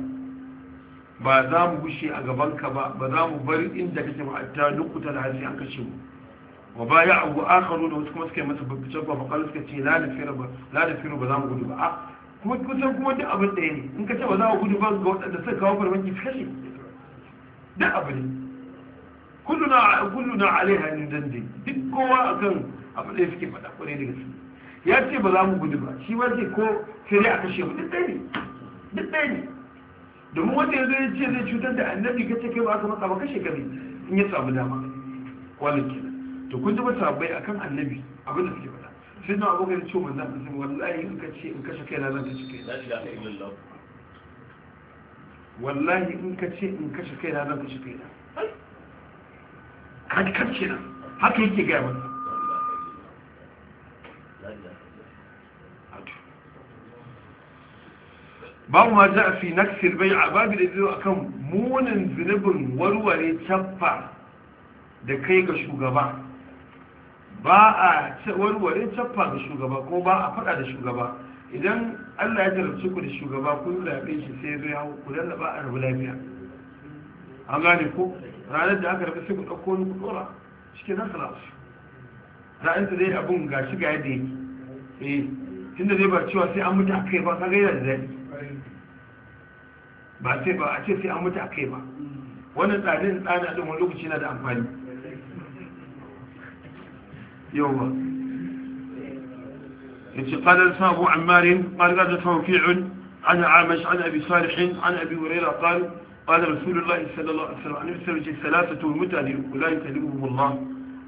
ba za mu gushe a gabanka ba ba za mu bari inda kake ba ta nukuta da hasi an kashe mu wa baya abu akharu da wasu kuma suka yi masa babbace ba fa suka ce la nafiru ba la nafiru ba za mu gudu ba a kuma kusan kuma duk abin da ne in ka ce ba za mu gudu ba ga waɗanda suka kawo farmaki kashe duk abu ne kulluna kulluna alaiha ne dande duk kowa akan abin da suke faɗa kwarai da gaske ya ce ba za mu gudu ba shi ba ce ko sai a kashe mu duk ɗaya ne duk ɗaya ne domin wanda ya zo ya ce zai cutar da annabi ka ce kai ba aka matsa ba kashe ka ne in ya samu dama wannan kenan to kun ji mata bai akan annabi abin da suke faɗa sai na abokan ce manzan ka sai wallahi in ka ce in kashe kai na zan kashe kai wallahi in ka ce in kashe kai na zan kashe kai na kan kenan haka yake gaya mata babu ma za a fi na bai a babu da zai akan munin zunubin warware cappa da kai ga shugaba ba a warware cappa ga shugaba ko ba a faɗa da shugaba idan allah ya jarabci ku da shugaba kun zaɓe shi sai zai hau ku da ba a rabu lafiya an gane ko ranar da aka rabu sai ku ɗauko ni ku ɗora cikin na kalasu ra'ayinsa dai abun gashi ga yadda yake eh tunda dai ba cewa sai an mutu a kai ba ka gaira da zai ba ce ba a ce sai an mutu a kai ba wani tsarin tsada lokaci na da amfani yau ba ya ce ƙadar sabu amarin ƙarga da tawfi'un an amash an abi salihin an abi wurera ƙar ƙada sallallahu alaihi wasallam an yi sarki ce salata tun mutane uku la yi talibu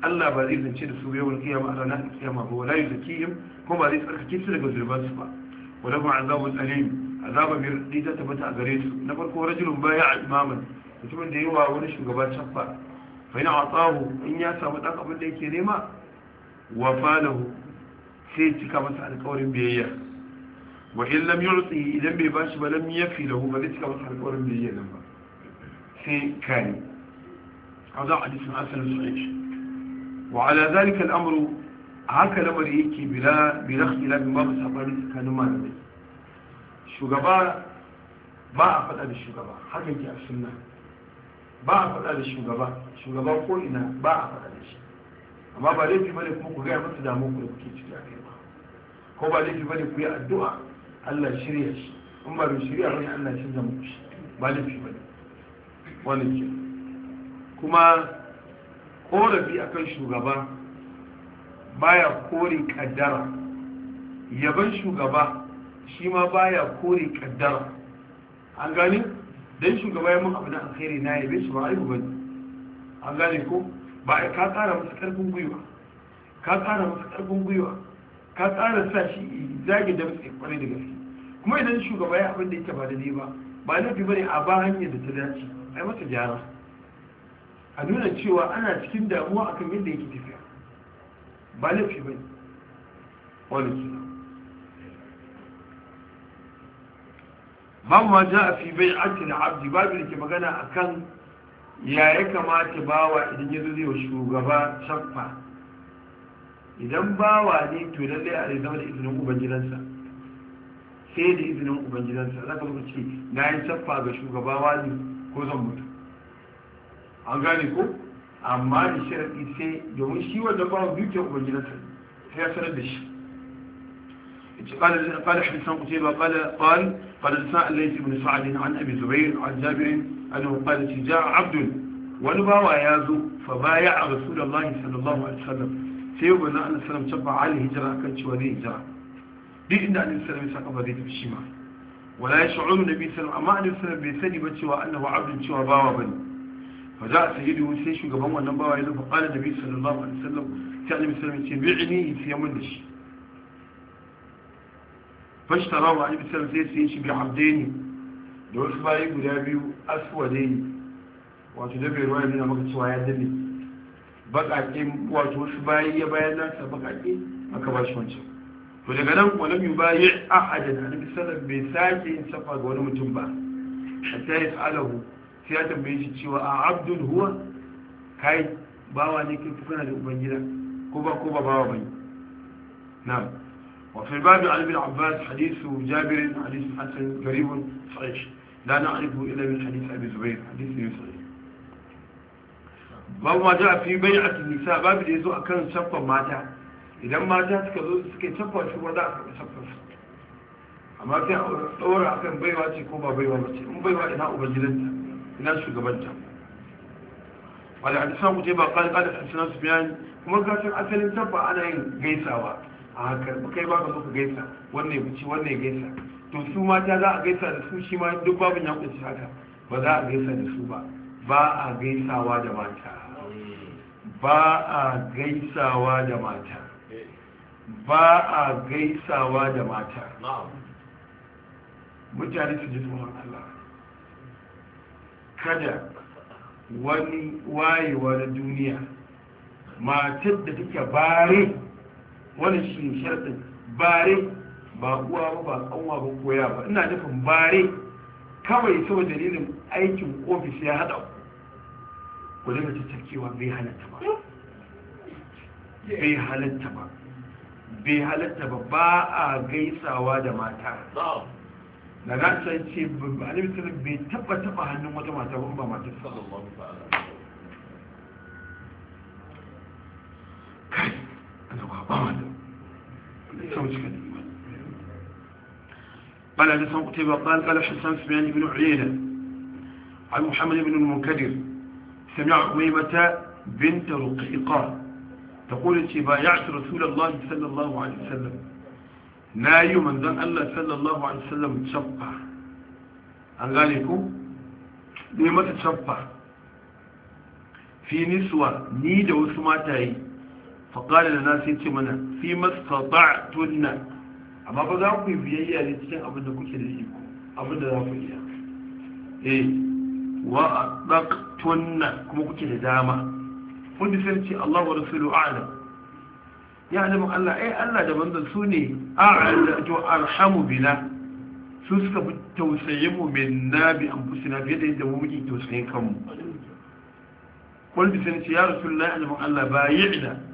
allah ba zai zance da su yawon kiyama a ranar kiyama ba wa la yi zaki kuma ba zai tsarkake su daga zurbansu ba wa lafi azabun alim azaba mai ni ta tabbata a gare su na farko rajulun baya a imaman mutumin da yawa wani shugaban cappa fai na atsahu in ya samu ɗan abin da yake nema wa falahu sai cika masa alƙawarin biyayya wa in lam yurtsi idan bai bashi ba lam yafi lahu ba zai cika masa alƙawarin biyayya nan ba sai kani هذا حديث حسن صحيح وعلى ذلك الأمر هكذا مريكي بلا بلا اختلاف ما بسبب كانوا ما malamai. shugaba ba a faɗa da shugaba haka yake a sunna ba a faɗa da shugaba shugaba ko ina ba a faɗa da shi amma ba laifi bane kuma ku gaya masa damu ku da kuke ciki a kai ba ko ba laifi bane ku yi addu'a Allah shirya shi in ba mai shirya ne, Allah canza muku shi ba laifi bane wannan ke kuma korafi akan shugaba baya kore kaddara yaban shugaba shi ma baya kore kaddara an gani don shugaba ya mun abu na alkhairi na yabe shi ba aibu an gane ko ba ka tsara masa karfin gwiwa ka tsara masa karfin gwiwa ka tsara sa shi zage da mutsi kwarai da gaske kuma idan shugaba ya abin da yake ba da ne ba ba fi bane a ba hanyar da ta dace ai masa gyara a nuna cewa ana cikin damuwa akan yadda yake tafiya ba fi bane wani kenan babu ma ja fi bai da abdi babu da ke magana a kan ya ya kamata bawa idan ya zai wa shugaba shaffa idan bawa ne to zai a zama da izinin ubangidansa sai da izinin ubangidansa za ka zuwa na yi shaffa ga shugaba wani ko zan mutu an gane ko amma da sharaɗi sai domin shi wanda bawa dukiyar ubangidansa sai ya sanar da shi قال قال حديث قتيبة قال قال قد سأل ليس بن سعد عن أبي زبير عن جابر أنه قال جاء عبد ولبا ويازو فبايع رسول الله صلى الله عليه وسلم سيوب أن أنا سلم تبع عليه هجرة كان شوالي هجرة دي إن أنا سلم يساق بريد بشيما ولا يشعر النبي صلى الله عليه وسلم أما أن سلم بيسني بشوى أنه عبد شوى باوى بني فجاء سيده سيشو قبوا النبوى فقال النبي صلى الله عليه وسلم تعلم سلم يتبعني يتيمنش fashtara wa abi sal sai sai shi bi hamdaini da wasu bayi guda biyu aswadaini wato da bai ruwa nuna maka cewa ya dabe bakake wato wasu bayi ya bayar da sa bakake aka ba shi wancan to daga nan wani mu bayi da annabi sallallahu bai sake yin safa ga wani mutum ba a hatta ya sa'alahu sai ya tambaye shi cewa a abdul huwa kai bawa ne kai kana da ubangida ko ba ko ba bawa bane na'am وفي الباب عن ابن عباس حديث جابر حديث حسن قريب صحيح لا نعرفه إلا من حديث أبي زبير حديث صحيح باب ما جاء في بيعة النساء باب اللي يزوء كان شفا ماتا إذا ماتا تكذو سكي شفا شو وضع شفا amma sai a tsora a kan baiwa ce ko ba baiwa ba ce in baiwa ina ubangidanta shugabanta wadda a tisa kuje ba kan kada a cikin kuma gasar asalin tabba ana yin gaisawa a karbi kai ba ka muka gaisa wannan ya fice wannan ya gaisa to su mata za a gaisa da su shi ma duk babin ya kunshi haka ba za a gaisa da su ba ba a gaisawa da mata ba a gaisawa da mata ba a gaisawa da mata mutane su ji tsohon Allah kada wani wayewa na duniya matar da take bare wani shi ne sharɗin bare ba uwa ba ba kanwa ba koya ba ina nufin bare kawai saboda dalilin aikin ofis ya haɗa ku daga tattakewa bai halatta ba bai halatta ba bai halatta ba ba a gaisawa da mata na gasar ce ba a bai taba taba hannun wata mata ba ba mata sallallahu قال حديث قتيبة قال قال حسان سمعني بن عيينة عن محمد بن المنكدر سمع أميمة بنت رقيقة تقول تبايعت رسول الله صلى الله عليه وسلم لا يمن ذن الله صلى الله عليه وسلم تشبع أن لكم نيمة تشبع في نسوة نيدة وسماتها faƙari da na sai ce mana fi mastata tunna amma ba za ku yi biyayya ne cikin abin da kuke da shi abin da za ku iya eh wa adak tunna kuma kuke da dama kun sai ce Allah wa rasulu a'lam ya alamin Allah ai Allah da manzon su ne a'lam to arhamu bila su suka fi tausayin mu min nabi anfusina fiye da yadda mu muke tausayin kanmu kun sai ce ya rasulullahi alamin Allah ba yi'la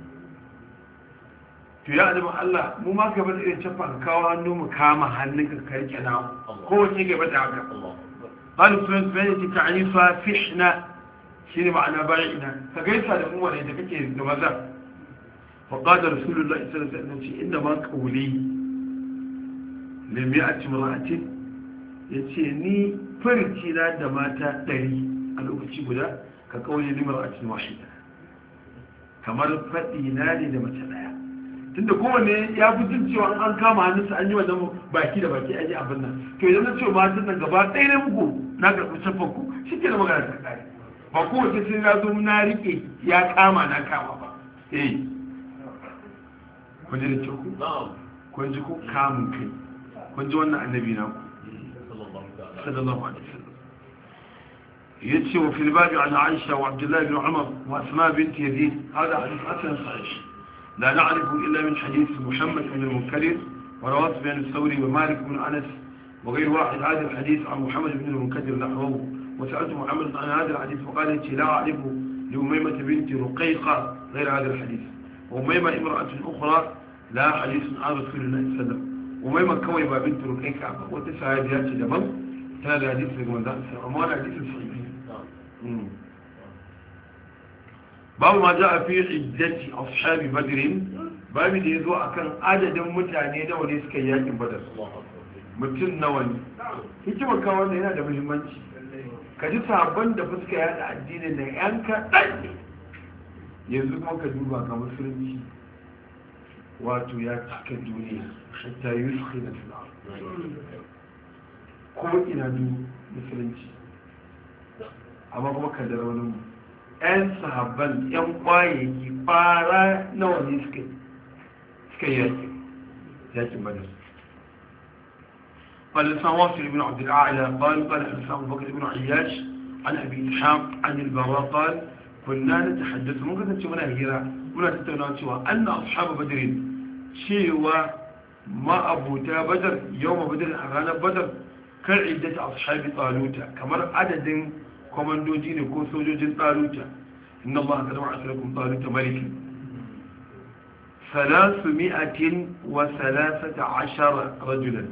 to ya Allah mu ma gaba da irin cafan kawo hannu mu kama hannun ka karke na kowace gaba da haka halin sun tsaye ki ta'arifa fishna shi ne ma'ana bayan ina ka gaisa da mu wani da kake da maza فقال رسول الله صلى الله عليه وسلم إنما قولي a lokaci guda فرتنا دماتا دري أنا أكتب لا Kamar faɗi na ne da لدمتا ɗaya. tunda kowane ya fi jin cewa an kama hannunsa an yi wannan baki da baki an yi abin nan to idan na ce matan nan gaba ɗaya ne muku na karɓi shafan ku shi ke da magana ta kare ba kowace sai na zo na riƙe ya kama na kama ba eh kun ji da ce ku kun ji ko kamun kai kun ji wannan annabi na ku sallallahu alaihi wasallam yace wa fil babi an Aisha wa Abdullah ibn Umar wa Asma bint Yazid hada hadith hasan sahih لا نعرف إلا من حديث محمد بن المنكدر ورواه بين الثوري ومالك بن أنس وغير واحد هذا الحديث عن محمد بن المنكدر نحوه وسألت محمد عن هذا الحديث فقال لا أعرف لأميمة بنت رقيقة غير هذا الحديث وأميمة امرأة أخرى لا حديث عن رسول الله صلى الله عليه وسلم أميمة كويبة بنت رقيقة وتسعى هذه دبل هذا الحديث لمن ذا أما هذا حديث babu ma za a fi a shabi badirin, babu da ya zo a kan adadin mutane da wani suka yakin badar mutum nawa ne hikima kawo wannan yana da muhimmanci ka ji sabon da fuska da addinin na yan kaɗan yanzu kuma ka duba ga musulunci wato ya cika duniya hatta suke na ko ina du musulunci amma kuma kadar wani mu 'yan sahabban 'yan kwayayyaki fara nawa ne suka yaki yakin badar قال لسان واصل بن عبد الأعلى قال قال لسان بكر بن عياش عن أبي إسحاق عن البراء قال كنا نتحدث ممكن تشوفنا هيرا ولا تتونا سوى أن أصحاب بدر سوى ما أبو تا بدر يوم بدر أغانا بدر كالعدة أصحاب طالوت كمر عدد kwamandoji ne ko sojojin tsaruta inna Allah ta zama asirakun taruta maliki salasu mi'atin wa salasata ashara rajulan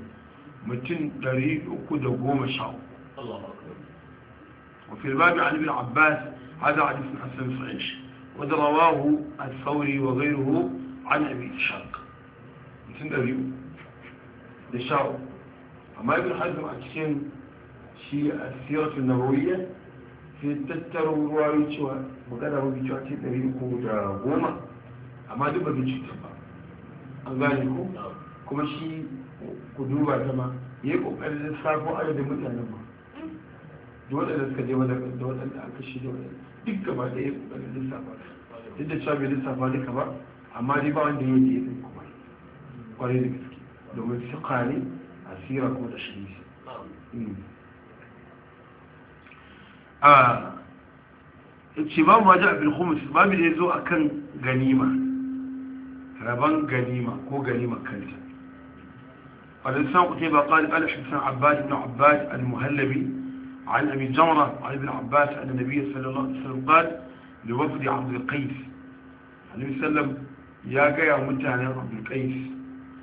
mutum 310 وفي الباب عن ابن عباس هذا حديث حسن صحيح ورواه الثوري وغيره عن ابي اسحاق mutum ɗari da sha'o amma ibn hazm a cikin shi a siratun nawawiyya sai tattarin ruwa yi cewa magana mafi cewa ce ɗari ko da goma amma duk ba cuta ba an gane ko kuma shi ku duba ta ma ya yi ƙoƙarin lissafo adadin mutanen ba da waɗanda suka je wajen da waɗanda aka shi da waɗanda duk gaba da ya yi ƙoƙarin lissafa duk da cewa bai lissafa duka ba amma dai ba wanda ya yi da ya kuma ƙwarai da gaske domin suka ne asira kuma da shi ne hmm. a ما جاء بالخمس ما abin اكن غنيمه ربان غنيمه كو غنيمه kan ganima الإنسان قتيبة قال قال حسن عباد بن عباد المهلبي عن أبي جمرة عن ابن عباس أن النبي صلى الله عليه وسلم قال لوفد عبد القيس النبي صلى الله عليه وسلم يا جاي متى عن عبد القيس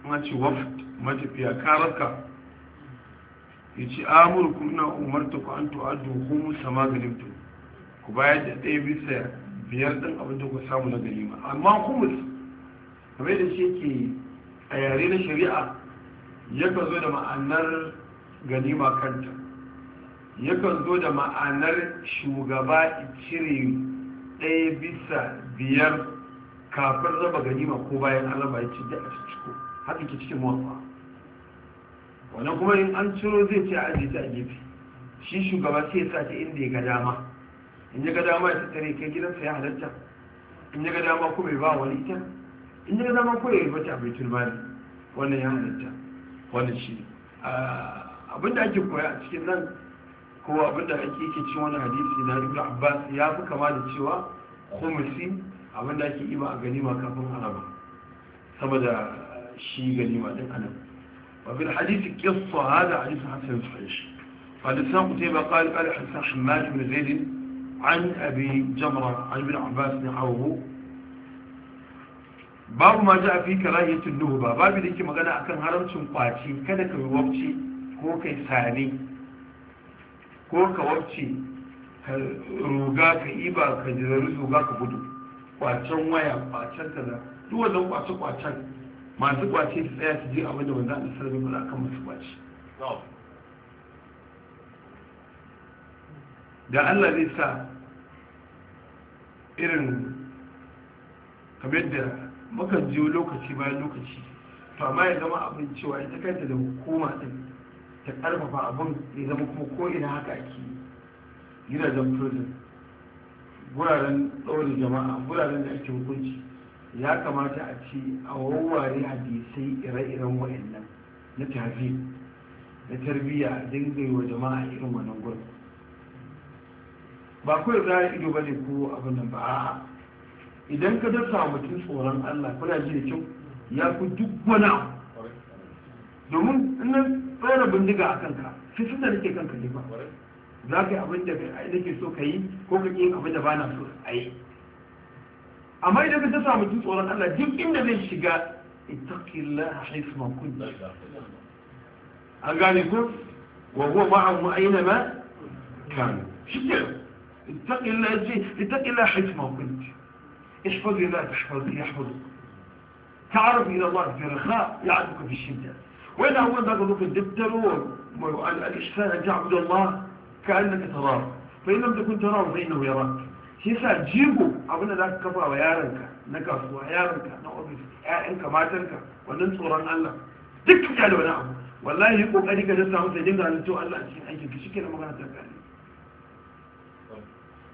ما تشوفت ما يا كاركا ya ce amur kuna umarta ku an tu'addu humusa ma ganimtu ku bayar da ɗaya bisa biyar ɗin abin da ku samu na ganima amma humus kamar da shi ke a yare na shari'a kan zo da ma'anar ganima kanta kan zo da ma'anar shugaba cire ɗaya bisa biyar kafin raba ganima ko bayan an raba ya ci da a ciki haka ke cikin mawafa wannan kuma in an ciro zai ce a ajiye ta a gefe shi shugaba sai ya sace inda ya ga dama in ya ga dama ya tattare kai gidansa ya halatta in ya ga dama kuma ya ba wani ita in ya ga dama kuma ya bata baitul ne wannan ya halarta wannan shi ne ah, abinda ake koya a cikin nan ko abinda ake yake cin wani hadisi na rubu abbas ya fi kama da cewa khumsi abinda ake iba a ganima kafin araba sama da shi ganima din anan وفي الحديث قصة هذا حديث حسن صحيح فالإسلام قتيبة قال قال حسن حماد بن زيد عن أبي جمرة عن ابن عباس نحوه babu ma ja fi karahiyatin nuhu ba babu da yake magana akan haramcin kwaci kada ka wabce ko kai sane ko ka wabce ka ruga ka iba ka jirari ruga ka gudu kwacen masu kwace su tsaya su je abin da manzo Allah sallallahu alaihi kan masu kwace da Allah zai sa irin kamar da muka jiyo lokaci bayan lokaci to amma ya zama abin cewa ya takaita da hukuma din ta karfafa abin ya zama kuma ko ina haka ake gidajen prison guraren tsaurin jama'a guraren da ake hukunci ya kamata a ci a wawware hadisai ire-iren wa'annan na tafi da tarbiyya dinga wa jama'a irin wannan gwal. ba kawai za a ido ba ne ko abin nan ba a idan ka dasa mutum tsoron allah kuna ji da kyau ya fi duk wani abu domin ina tsara bindiga a kanka sai suna nake kanka ne ba za ka yi abin da nake so ka yi ko ka yi abin da ba na so a yi amma idan ka samu jin tsoron Allah duk inda zai shiga ittaqillaha haythu ma kunta an gane ku wa huwa ma'ahum aina ma kanu shikin ittaqillaha ji ittaqillaha haythu ma kunta احفظ الله تحفظ يحفظك تعرف إلى الله في الرخاء يعرفك في الشدة وإن أول ما قلت الدبتر الإشفاء أن تعبد الله كأنك تراه فإن لم تكن تراه فإنه يراك shi sa jigo abin da za ka kafa wa yaranka na kasuwa yaranka na ofis ƴaƴanka matanka wannan tsoron Allah duk ya da wani abu wallahi yi kokari ka dasa masa dinga halittu Allah a cikin aikin ka shi na magana ta gani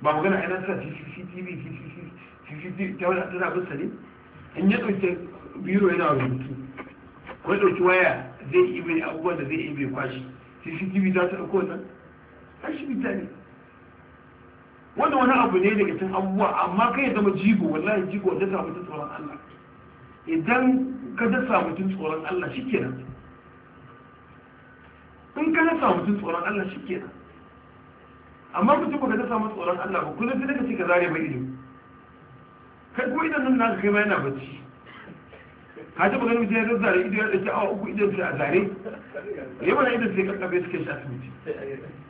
ba magana a yana sa CCTV CCTV ta wani tana abin sani in ya ɗauki biro yana rubutu ko ya ɗauki waya zai yi bai abubuwan da zai iya bai kwashi CCTV za ta ɗauko wannan har shi mutane wanda wani abu ne daga cikin abubuwa amma kai ya zama jigo wallahi jigo da samu ta tsoron Allah idan ka da samu tsoron Allah shikenan in ka da samu tsoron Allah shikenan amma mutum baka da samu tsoron Allah ba kullum sai ka ce ka zare mai ilimi kai ko idan nan naka kai ma yana bacci ka ba ganin mutum ya zazzare idan ya ɗauki awa uku idan sai a zare ya eh, mana idan sai kakkabe suke shi asibiti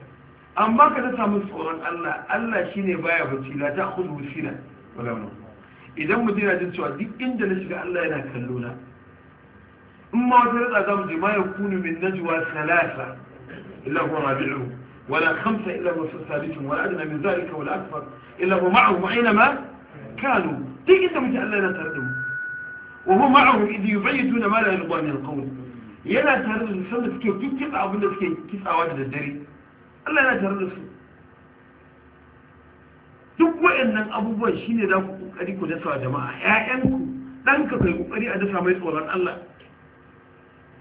amma ka ta samu tsoron Allah Allah shine baya bacci la ta kudu bisina idan mutum yana jin cewa duk inda na shiga Allah yana kallo na in ma wata rada mu je ma kunu, min najwa salasa illa huwa rabi'u ولا خمسة إلا هو ثالث ولا أدنى من ذلك ولا أكثر إلا هو معهم أينما كانوا تجد متألنا تردهم وهو معهم إذ يبيتون ما لا yana من القول يلا تردهم سنة كيف تبقى suke kitsawa da daddare. Allah yana tare da su duk waɗannan abubuwan shine za ku kokari ku dasa jama'a ƴaƴanku ɗanka kai kokari a dasa mai tsoron Allah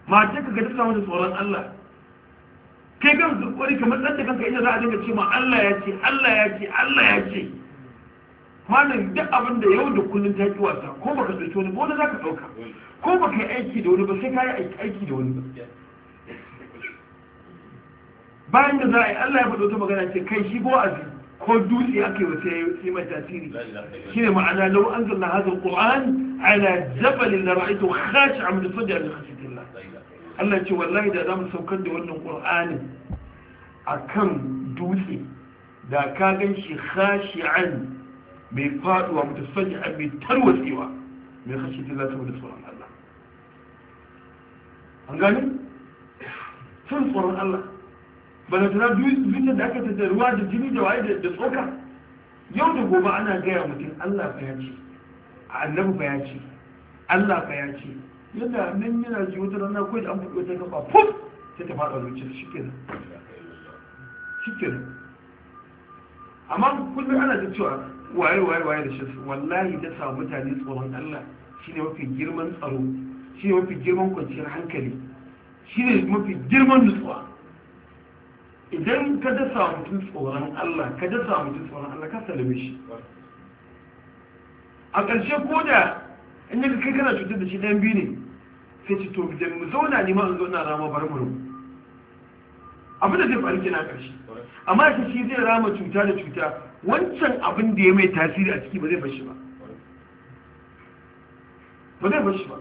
mata ka dasa mai tsoron Allah kai kan kokari kamar ɗan da kanka inda za a dinga ce ma Allah ya ce Allah ya ce Allah ya ce malam duk abin da yau da kullum ta ki wasa ko baka tsaye wani ba wani za ka ɗauka ko baka yi aiki da wani ba sai ka yi aiki da wani ba bayan da za a yi Allah ya faɗo ta magana ce kai shi wa'azi ko dutse aka yi wa sai mai tasiri shi ne ma'ana lau an zanna hazin ƙur'an ala jabalin na ra'aito khashi a mutu sojja da khashitillah Allah ce wallahi da za mu saukar da wannan ƙur'ani a kan dutse da ka gan shi khashi'an mai faɗuwa mutu sojja mai tarwatsewa mai khashitillah saboda tsoron Allah an gani sun tsoron Allah ba da tana dukkan da aka tattara ruwa da jini da waye da tsoka yau da gobe ana gaya mutum Allah fa ya ce annabi fa ya ce Allah fa ya ce yadda nan yana ji wata rana kawai da an buɗe wata kafa fuf ta ta a zuciyar shi kenan shi kenan amma kullum ana ta cewa waye waye waye da shi wallahi ta sa mutane tsoron Allah shine mafi girman tsaro shine mafi girman kwanciyar hankali shine mafi girman nutsuwa idan ka dasa tun tsoron Allah ka dasa tun tsoron Allah ka salame shi a ƙarshe ko da in yi kai kana cutar da shi ɗan biyu ne sai ci to da mu zauna ne ma an zauna rama bar mu abin da zai faru kina ƙarshe amma ta shi zai rama cuta da cuta wancan abin da ya mai tasiri a ciki ba zai fashi ba ba zai fashi ba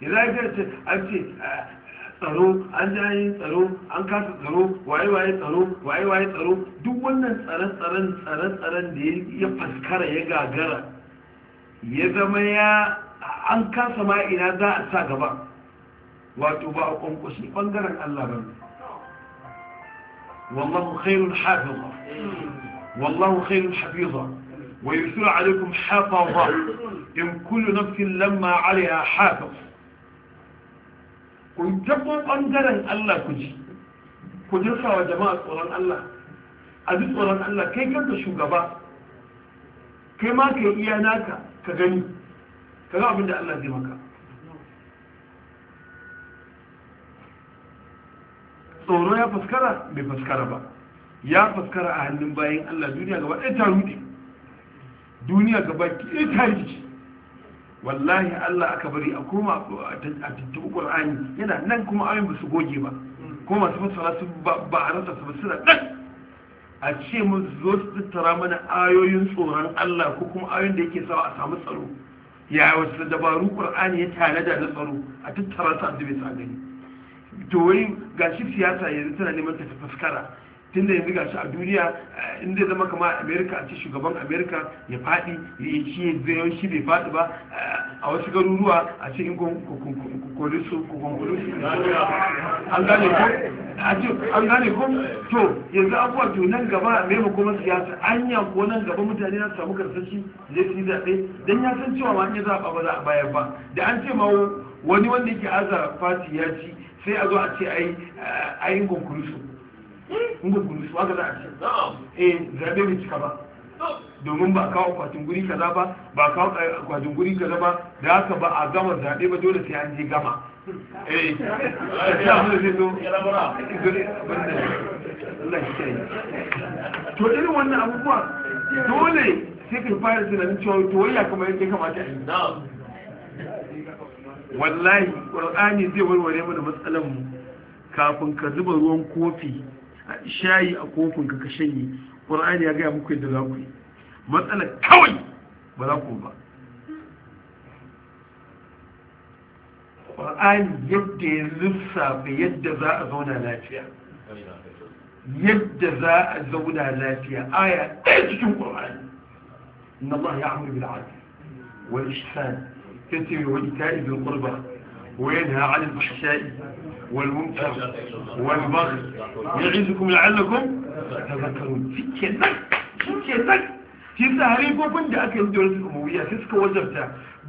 ya zai ce tsaro an jayin tsaro an kasa tsaro waye-waye tsaro waye-waye tsaro duk wannan tsare-tsaren tsare-tsaren da ya faskara ya gagara ya zama ya an kasa ma ina za a sa gaba wato ba a ƙwanƙwashi bangaren allah ba wallahu khairun hafiza wallahu khairun hafiza wa yusura alaikum hafaza in kullu nafsin lamma alaiha hafiza Kun jabo bangaren Allah ku ji ku dirka wa jama'a tsoron Allah a ji tsoron Allah kai kanka shugaba kai ma ka iya naka ka gani ka ga abin da Allah zai maka tsoro ya fuskara bai fuskara ba ya fuskara a hannun bayan Allah duniya gaba ɗaya ta rudi duniya gaba ɗaya ta rikici wallahi Allah aka bari a koma a tuntuɓi ƙur'ani yana nan kuma ayin ba su goge ba kuma masu fassara su ba a rasa su ba suna ɗan a ce mu zo su tattara mana ayoyin tsoron Allah ko kuma ayoyin da yake sawa a samu tsaro ya wasu dabaru ƙur'ani ya tare da na tsaro a tattara su a zube, su gani to wai ga shi siyasa yanzu tana neman ta fuskara tun da ya buga shi a duniya eh, inda ya zama kama amerika a ce shugaban amerika ya faɗi ya shi zai shi bai faɗi ba eh, a wasu garuruwa a ce in kokolisu kokolisu an gane ko an gane ko to yanzu abuwa to nan gaba mai kuma siyasa anya ko nan gaba mutane na samu karsashi zai ya yi zaɓe don ya san cewa ma in ya zaɓa ba za a bayar ba da an ce ma wani wanda yake aza fati ya ci sai a zo a ce a a ai gungulusu eh, inda gurusuwa ga za a ce eh zaɓe bai cika ba domin ba kawo akwatin guri kaza ba ba kawo eh, akwatin guri kaza ba da haka ba a gama zaɓe ba dole sai an je gama eh ya mu zai zo to irin wannan abubuwa dole sai ka fara tunanin cewa to waya kamar yake kamata a yi wallahi qur'ani zai warware mana matsalan mu kafin ka zuba ruwan kofi shayi a kofin ka shanye ƙwar'ani ya gaya muku yadda za ku yi matsala kawai ba za ku ba ƙwar'ani yadda ya lissafa yadda za a zauna lafiya yadda za a zauna lafiya aya ɗaya cikin ƙwar'ani na ba ya amur bil'adu wani shi sani ta ce wani ta'i bin ƙurba وينهى عن الفحشاء والمنكر والبغي يعظكم لعلكم تذكرون فكرك فكرك shi sa da aka yi dole suka mawuya sai suka wajabta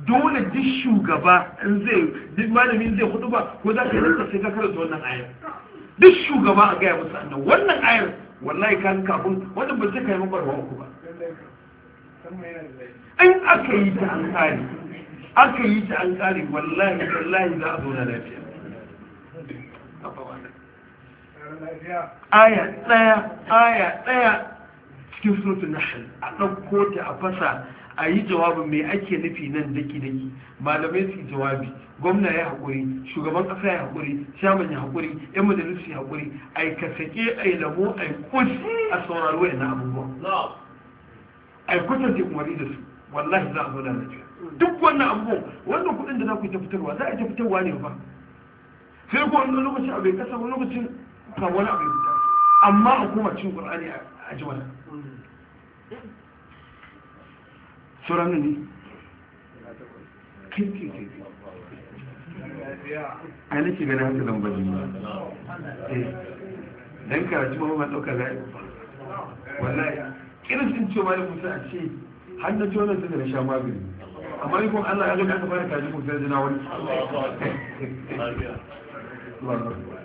dole duk shugaba in zai duk malamin zai hudu ba ko za ka rinka sai ka karanta wannan ayar duk shugaba a gaya musu annan wannan ayar wallahi kan kafin wanda ba zai kai uku ba in aka yi ta alƙali aka yi ta an wallahi wallahi za a zauna lafiya aya ɗaya aya ɗaya cikin surutun nahal a ɗauko ta a fasa a yi jawabin mai ake nufi nan daki-daki malamai su jawabi gwamna ya haƙuri shugaban ƙasa ya haƙuri shaman ya haƙuri yan majalisu ya haƙuri a yi kasake a yi lamo a yi kusi a saurari na abubuwa a yi kwatanta umarni da su wallahi za a zo da lafiya duk wannan abubuwan wannan kuɗin da za ku yi ta fitarwa za a yi ta fitarwa ne ba sai ku wani lokacin abu kasa wani lokacin ka wani abu fita amma a koma cin ƙur'ani a ji wannan sauran ne kai kai kai a nake gani haka zan bari ba eh. dan karatu ma ba ɗauka za a yi ba wallahi irin ce da musa a ce hannun jonas da na sha magani amma ni Allah ya zo ka fara kaji ko sai jina wani